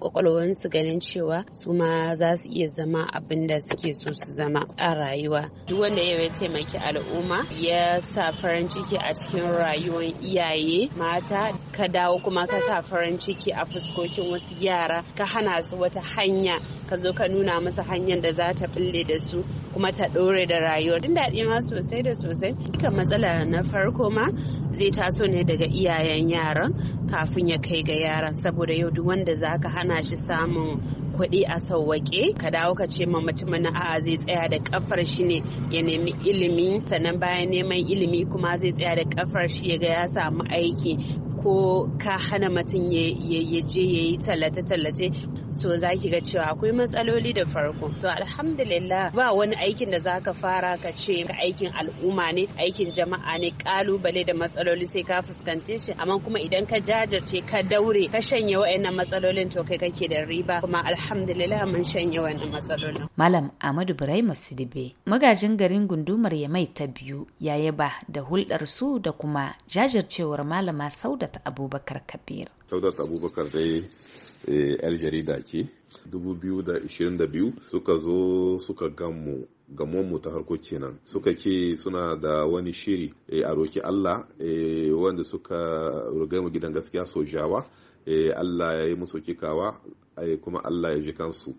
Speaker 12: kwakwalwansu eh, ganin cewa su ma za su iya zama abin da suke so su zama a rayuwa duk wanda ya taimaki al'umma ya sa farin ciki a cikin rayuwar iyaye mata ka dawo kuma ka sa farin ciki a fuskokin wasu yara ka hana su wata hanya ka zo ka nuna musu hanyar da za ta bille da su kuma ta ɗore da rayuwa jin daɗi ma sosai da sosai duka matsala na farko ma zai taso so ne daga iyayen yaran kafin ya kai ga yaran saboda yau duk wanda zaka hana shi samun kuɗi a sauwaƙe ka dawo ka ce ma mutum a'a zai tsaya da kafar shi ne ya nemi ilimi sannan bayan neman ilimi kuma zai tsaya da kafar shi ya ga ya samu aiki ko ka hana mutum ya je ya yi tallace-tallace so za ki ga cewa akwai matsaloli da farko to alhamdulillah ba wani aikin da za ka fara ka ce Ka aikin al'umma ne aikin jama'a ne kalubale da matsaloli sai ka fuskante shi amma kuma idan ka jajirce ka daure ka shanye wa'annan matsalolin to kai kake da riba kuma alhamdulillah mun shanye wa'annan matsalolin
Speaker 2: malam Amadu Ibrahim Sidibe magajin garin gundumar Yamai ta biyu ya yaba da hulɗar su da kuma jajircewar malama sau da Saudat Abubakar Kabir.
Speaker 8: Saudat Abubakar dai eh, yar jarida ce 2022 suka zo suka gamu mu ta harko kenan suka ke suna da wani shiri eh, a roki Allah eh, wanda suka mu gidan gaskiya sojawa Allah ya yi musu kikawa kuma Allah ya ji kansu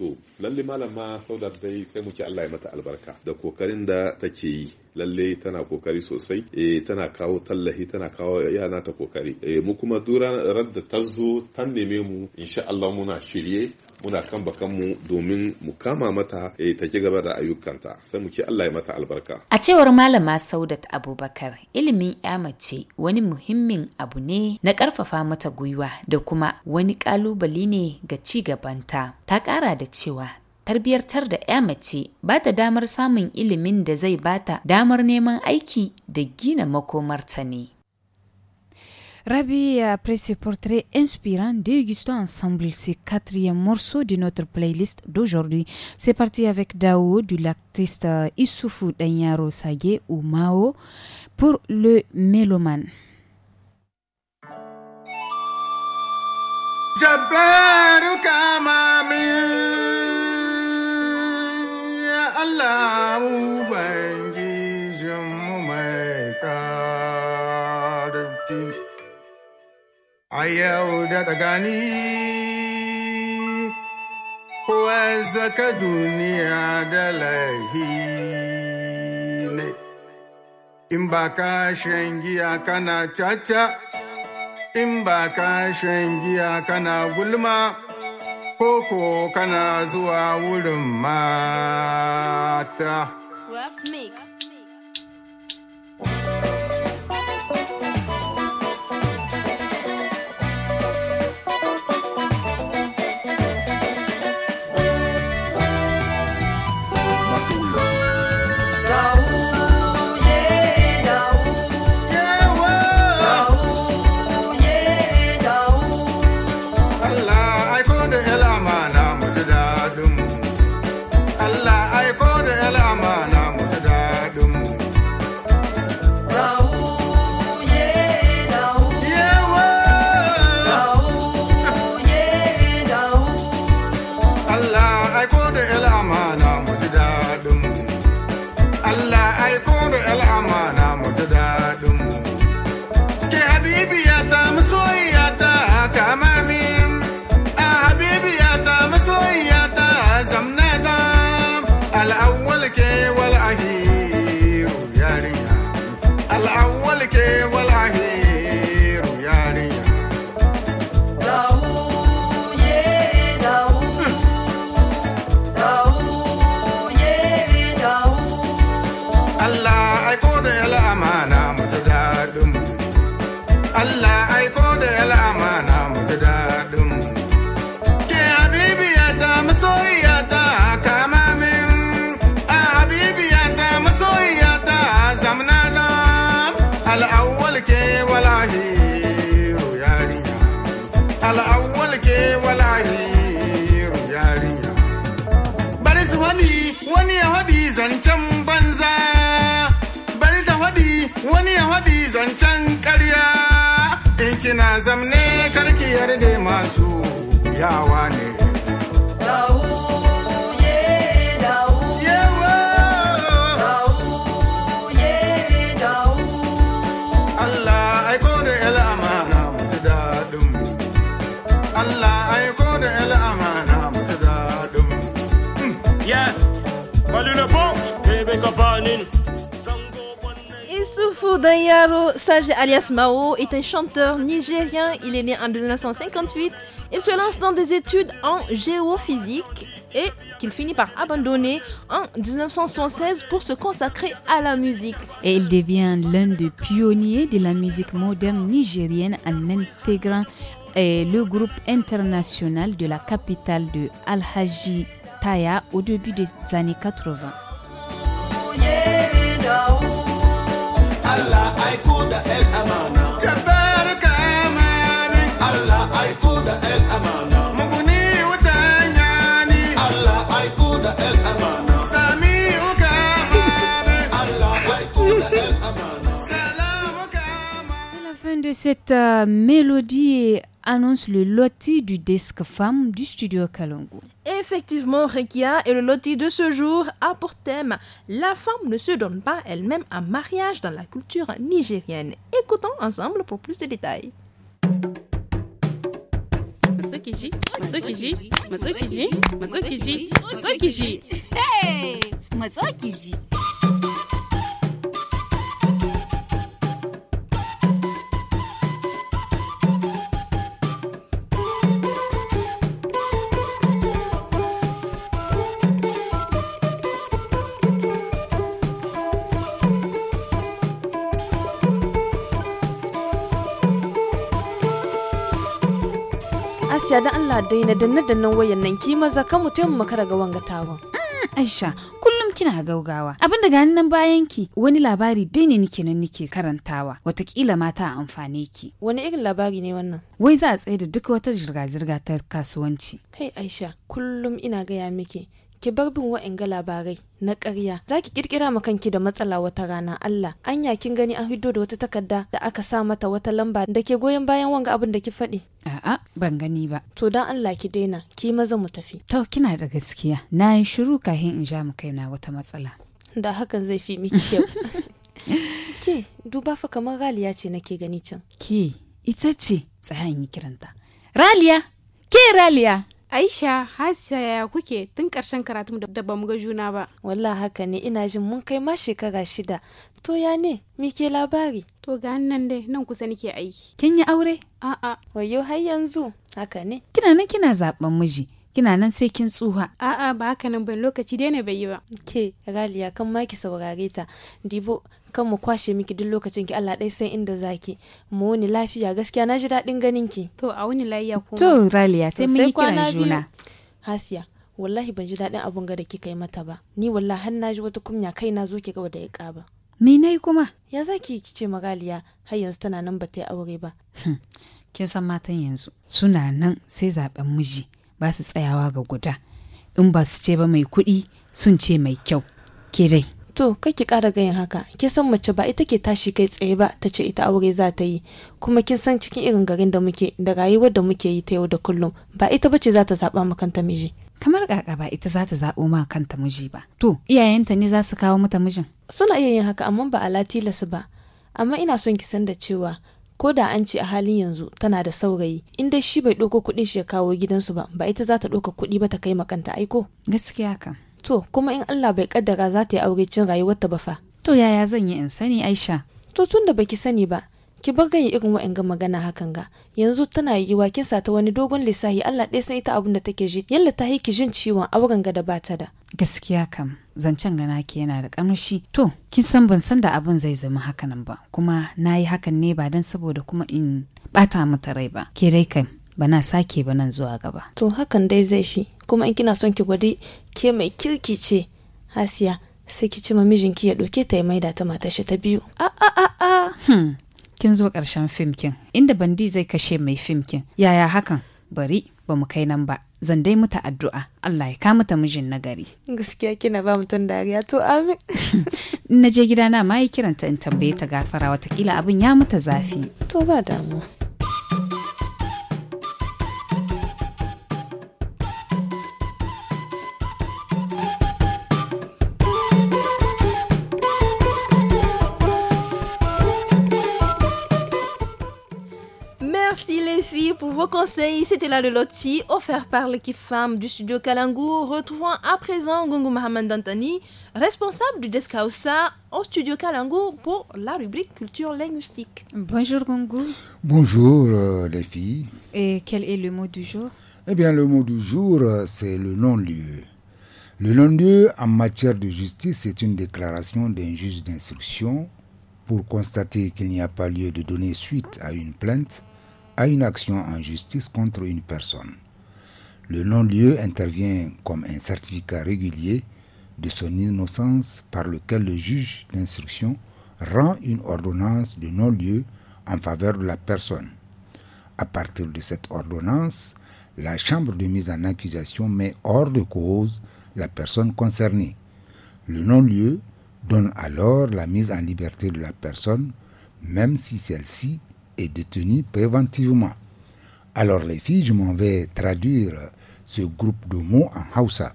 Speaker 8: to lalle ma saudat dai sai mu ci Allah ya mata albarka da kokarin da take yi lalle tana kokari sosai eh tana kawo tallahi tana kawo yana ta kokari eh mu kuma dura radda ta zo ta neme mu insha Allah muna shirye muna kan bakanmu domin mu kama mata eh, ta ci gaba da ayyukanta sai mu Allah ya mata albarka.
Speaker 2: A cewar malama Saudat Abubakar ilimin ya mace wani muhimmin abu ne na karfafa mata gwiwa da kuma wani kalubale ne ga ci gabanta. Ta kara da cewa tarbiyartar da ya mace ba ta damar samun ilimin da zai bata damar neman aiki da gina makomarta ne. Ravi, après ce portrait inspirant, dégustons ensemble ce quatrième morceau de notre playlist d'aujourd'hui. C'est parti avec Dao de l'actrice euh, Issoufou Danyaro Sage ou Mao pour le mélomane.
Speaker 8: a yau da gani wasa ka duniya da lahi ne in ba ka shan giya kana caca in ba ka shan giya kana gulma koko kana zuwa wurin mata Allah el amana hmm,
Speaker 1: Issoufou Dayaro Sage alias Mao est un chanteur nigérien. Il est né en 1958. Il se lance dans des études en géophysique et qu'il finit par abandonner en 1976 pour se consacrer à la musique.
Speaker 2: Et il devient l'un des pionniers de la musique moderne nigérienne en intégrant et le groupe international de la capitale de Al-Haji Taya au début des années 80. cette euh, mélodie annonce le loti du desk femme du studio Kalongo.
Speaker 1: Effectivement, Rekia et le loti de ce jour a pour thème La femme ne se donne pas elle-même un mariage dans la culture nigérienne. Écoutons ensemble pour plus de détails. Hey! Asiya dan Allah daina danna dannan wayan nan ki maza kan mutum makara ga wanga tawon. Mm, Aisha
Speaker 2: kullum kina gaugawa abinda gani nan bayan ki wani labari dai ne nike nan nike karantawa watakila mata a amfane ki.
Speaker 1: Wani irin labari ne wannan?
Speaker 2: Wai za a tsaye da duk wata zirga-zirga ta kasuwanci.
Speaker 1: Kai Aisha kullum ina gaya miki ki bar bin wa'anga labarai na karya. za ki kirkira ma kanki da matsala wata rana Allah anya kin gani an hiddo da wata takarda da aka sa mata wata lamba da ke goyon bayan wanga abin da ki faɗi a'a
Speaker 2: ban gani ba
Speaker 1: to dan Allah ki daina ki maza mu tafi
Speaker 2: to kina da gaskiya na yi shiru kahin in ja mu kaina wata matsala
Speaker 1: da hakan zai fi miki kyau ke duba fa kamar Raliya ce nake gani can
Speaker 2: ke ita ce tsayan yi kiranta
Speaker 1: Raliya ke Raliya Aisha, Hasiya yaya kuke tun ƙarshen karatun da ba mu ga juna ba? Wallah haka ne ina jin mun kai ma shekara shida. To ya ne, mi ke labari? To ga nan dai nan kusa nake aiki. Kin yi aure? A'a. Wayo har yanzu. Haka ne.
Speaker 2: Kina nan kina zaben miji. Kina nan sai kin tsuha.
Speaker 1: A'a ba haka nan ban lokaci ne bai yi ba. Ke, Raliya kan ma ki saurare ta. Dibo, kan mu kwashe miki duk lokacin ki Allah dai san inda zaki mu wuni lafiya gaskiya na ji daɗin ganin ki to a wuni lafiya kuma to raliya sai mun yi kiran juna hasiya wallahi ban ji daɗin abun ga da kika yi mata ba ni wallahi har na ji wata kunya kai na zo ki ga da ya ƙaba
Speaker 2: me nayi kuma
Speaker 1: ya zaki ki ce magaliya har yanzu tana nan ba ta yi aure ba hmm,
Speaker 2: kin san matan yanzu suna nan sai zaben miji ba su tsayawa ga guda in ba su ce ba mai kuɗi sun ce mai kyau ke dai
Speaker 1: To, kai ki ƙara yin haka, ki san mace ba ita ke tashi kai tsaye ba ta ce ita aure za ta yi, kuma kin san cikin irin garin da muke da rayuwar da muke yi ta yau da kullum, ba ita ba ce za ta zaɓa ma kanta miji. Kamar kaka ba ita za ta zaɓo ma kanta miji ba. To, iyayenta ne za su kawo mata mijin? Suna iya yin haka amma ba a latilasu ba, amma ina son ki san da cewa ko da an ce a halin yanzu tana da saurayi in dai shi bai ɗauko kuɗin shi ya kawo gidansu ba ba ita za ta ɗauka kuɗi ba ta kai makanta aiko gaskiya kan To kuma in Allah bai kaddara za ta yi aure cin rayuwarta ba fa. To yaya zan yi in sani Aisha? To tun da baki sani ba, ki bar ganye irin wa'anga magana hakan ga. Yanzu tana yiwuwa kin sata wani dogon lissafi Allah ɗaya san ita abun da take ji. Yalla ta yi ki jin ciwon auren ga da ba ta da.
Speaker 2: Gaskiya kam zancen gana ke yana da kamshi. To kin san ban san da abin zai zama nan ba kuma na yi hakan ne ba don saboda kuma in bata mata rai ba. Ke dai kai bana sake ba nan zuwa gaba.
Speaker 1: To hakan dai zai fi. kuma in kina son ki gwadi ke mai kirki ce hasiya sai ki ci mijinki ya ɗauke ta ya maida ta mata shi ta biyu a a a
Speaker 2: a hmm, kin zo ƙarshen fimkin inda bandi zai kashe mai fim kin yaya hakan bari ba mu kai nan ba zan dai muta addu'a Allah ya kama ta mijin nagari
Speaker 1: gaskiya kina ba mutum dariya to amin
Speaker 2: na je gidana ma yi kiranta in tambaye ta gafara watakila abin ya muta zafi to ba damuwa
Speaker 1: filles, pour vos conseils. C'était là le loti offert par l'équipe femme du studio Kalangou. Retrouvons à présent Gungu Mohamed Dantani, responsable du desk au studio Kalangou pour la rubrique culture linguistique. Bonjour Gungu.
Speaker 13: Bonjour euh, les filles.
Speaker 1: Et quel est le
Speaker 13: mot du jour Eh bien, le mot du jour, euh, c'est le non-lieu. Le non-lieu en matière de justice, c'est une déclaration d'un juge d'instruction pour constater qu'il n'y a pas lieu de donner suite à une plainte à une action en justice contre une personne. Le non-lieu intervient comme un certificat régulier de son innocence par lequel le juge d'instruction rend une ordonnance de non-lieu en faveur de la personne. À partir de cette ordonnance, la chambre de mise en accusation met hors de cause la personne concernée. Le non-lieu donne alors la mise en liberté de la personne, même si celle-ci est détenu préventivement. Alors les filles, je m'en vais traduire ce groupe de mots en Hausa.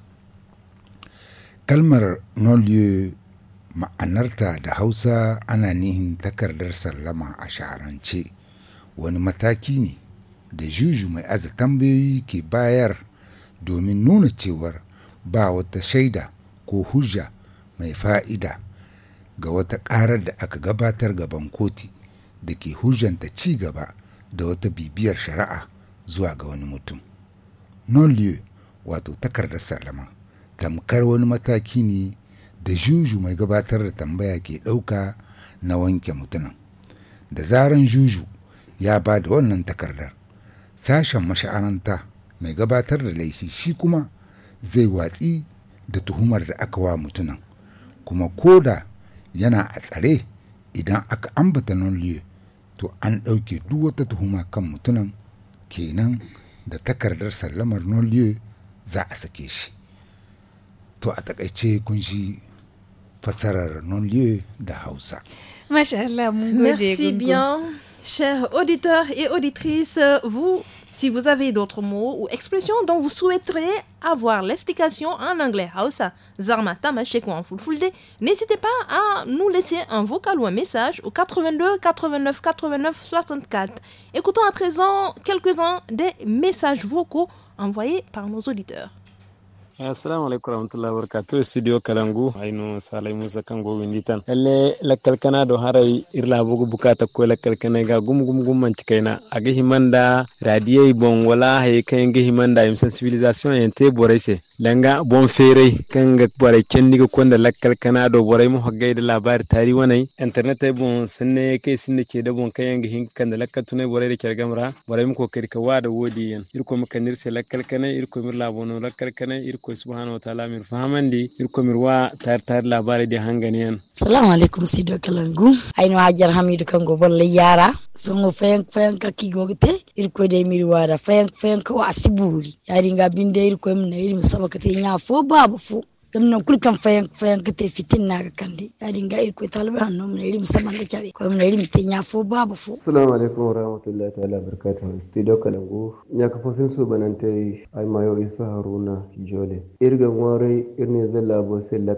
Speaker 13: Kalmar non lieu anarta da Hausa Ananihin »« nihin takardar sallama a shaharance wani mataki ne da juju mai aza tambayoyi ke bayar domin nuna cewar ba wata shaida ko hujja fa'ida da gabatar da ke hujjanta ci gaba da wata bibiyar shari'a zuwa ga wani mutum. non lieu wato takardar sallama tamkar wani mataki ne da juju mai gabatar da tambaya ke ɗauka na wanke mutumin da zaran juju ya ba da wannan takardar sashen masha'aranta mai gabatar da laifi shi kuma zai watsi da tuhumar da aka wa mutumin kuma koda yana a tsare idan aka ambata non lieu to an ɗauke duk wata tuhuma kan mutunan kenan da takardar sallamar noliyo za a sake shi to a takaice kun shi fassarar noliyo da hausa
Speaker 1: Masha Allah, Merci bien. Chers auditeurs et auditrices, vous Si vous avez d'autres mots ou expressions dont vous souhaiterez avoir l'explication en anglais, n'hésitez pas à nous laisser un vocal ou un message au 82 89 89 64. Écoutons à présent quelques-uns des messages vocaux envoyés par nos auditeurs.
Speaker 9: Eh, assalamu alaikum warahmatullahi wabarakatuh studio kalangu aino salai musa kango winditan lalle lakkal kana do harai irla bugu bukata ko lakkal kana ga gum gum gum manci kaina agi himanda radiyai bon wala hay kayan gi himanda im sensibilisation en te borese langa bon feeray kan ga boray cenni ga konda lakkal kana do boray mo hoggay da labar tari wanai internet ay e bon sanne kay sinne ce da bon kayan ga hin kan da lakkal tunai boray da cergamra boray mo ko kiri ka wada wodi yan irko mo kanir se lakkal kana irko mir labono lakkal kana irko subhanahu wa ta'ala mir fahamandi irko mir wa tar tar labarai da hangane yan
Speaker 3: assalamu alaikum sido kalangu aino hajar hamidu kan go bolle yara songo fayank fayank ka kigogte irko de mir wada fayank fayank wa asiburi yari ga binde irko min na irim sab ba ka fo babu fo gamnan kulkan fayan fayan ka te fitin na ga kandi ya dinga irko talibar hannu mun iri musamman da jare ya fo babu fo
Speaker 10: assalamu alaikum ta'ala barakatuh studio kalangu ka ai mayo isa haruna jole irgan ware irne zalla bo sai la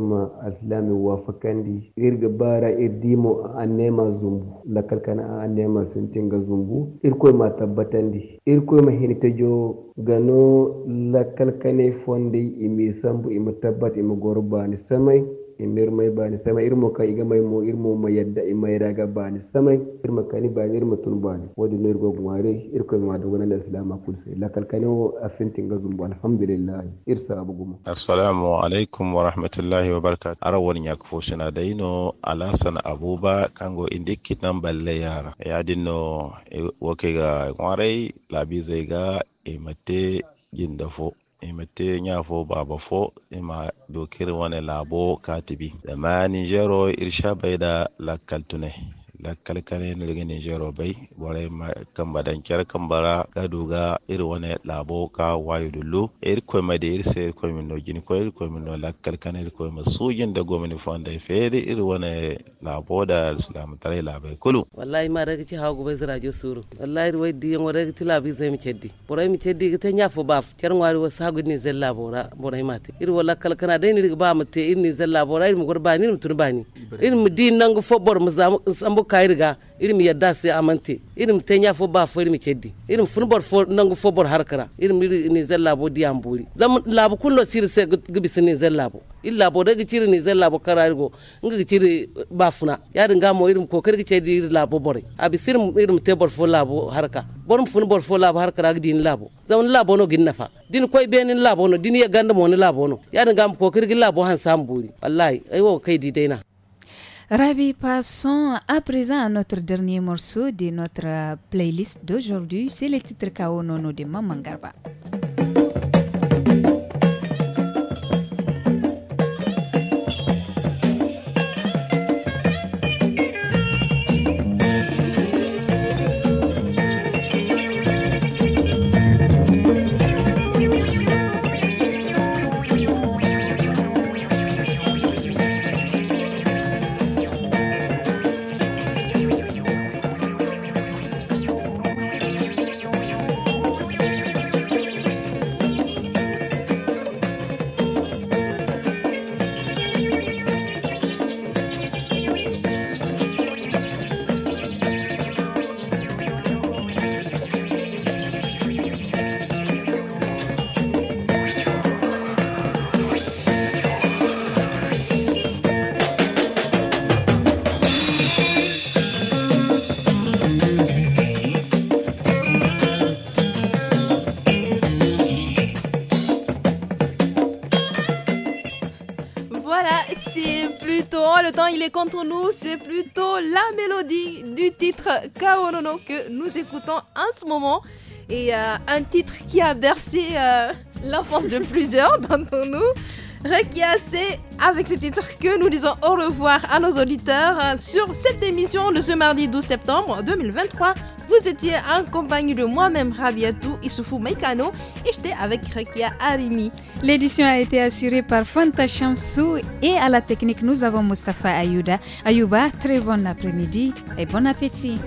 Speaker 10: ma aslami wa fakandi irga bara irdimo annema zumbu la kalkana annema sintinga zumbu irko ma tabbatandi irko ma gano lakalkane fondi imi sambu imi tabbat imi goro bani samai imir mai bani samai irmo ka iga mai mo irmo ma yadda imai raga bani samai irma kani bani irma tun bani wadi no irgo gumare irko ma da gona islama kul sai lakalkane o asintin ga zumbu alhamdulillah irsa abu gumu assalamu alaikum wa rahmatullahi wa barakatuh arawan ya kufo sina daino alasan abuba kango indikit nan balle yara ya dinno e, wake ga ngware labi zai ga imate jinda fo imate nyafo baba fo ima dokir wane labo katibi da ma nijero irsha bai da lakaltune kalkane na daga nijero bai warai kan badan kyar kan bara ga doga iri wani labo ka wayo dullo iri koi ma da iri sai iri koi min no gini ko iri koi min no la kalkane iri koi ma sugin da gomini fonda ya fere iri wani labo da
Speaker 8: islam tare labai kulu
Speaker 5: wallahi ma daga ci hawo gobe zirajo suru wallahi ruwai diyan wa daga ci labi zai mi ceddi borai mi ceddi ga tan yafo baf kyar ngwari wasu hagu ni zai labora borai mate iri wala kalkana dai ni ba mu te iri ni zai labora iri mu gurbani iri mu turbani iri mu din nan ga fo bor mu zamu kairga irim yadda amante irim tenya bafo ba fo irim Il irim funbor fo nangu fo bor harkara irim iri ni labo di amburi zam labu kunno sir se gibis ni labo il bo daga chiri ni zellabo karargo ngi chiri eh, ba funa yari ngamo irim ko labo bore abi sirim irim tebor fo labo harka Bon funbor fo labo harkara gidin labo zam labo no ginnafa din koy benin labo no din ya ganda mo ni labo no yari ngam ko kirgi labo han samburi wallahi ayo kai di
Speaker 2: Ravi, passons à présent à notre dernier morceau de notre playlist d'aujourd'hui. C'est le titre Kaonono de Mamangarba.
Speaker 1: il est contre nous. C'est plutôt la mélodie du titre Kaonono que nous écoutons en ce moment. Et euh, un titre qui a bercé euh, l'enfance de plusieurs d'entre nous. Rekia, c'est avec ce titre que nous disons au revoir à nos auditeurs hein, sur cette émission de ce mardi 12 septembre 2023. Vous étiez en compagnie de moi-même, Rabiatou Issoufou Meikano, et j'étais avec Rekia Arimi. L'édition a été assurée par
Speaker 2: Fanta Chamsou et à la technique, nous avons Mustafa Ayuba. Ayouba, très bon après-midi et bon appétit.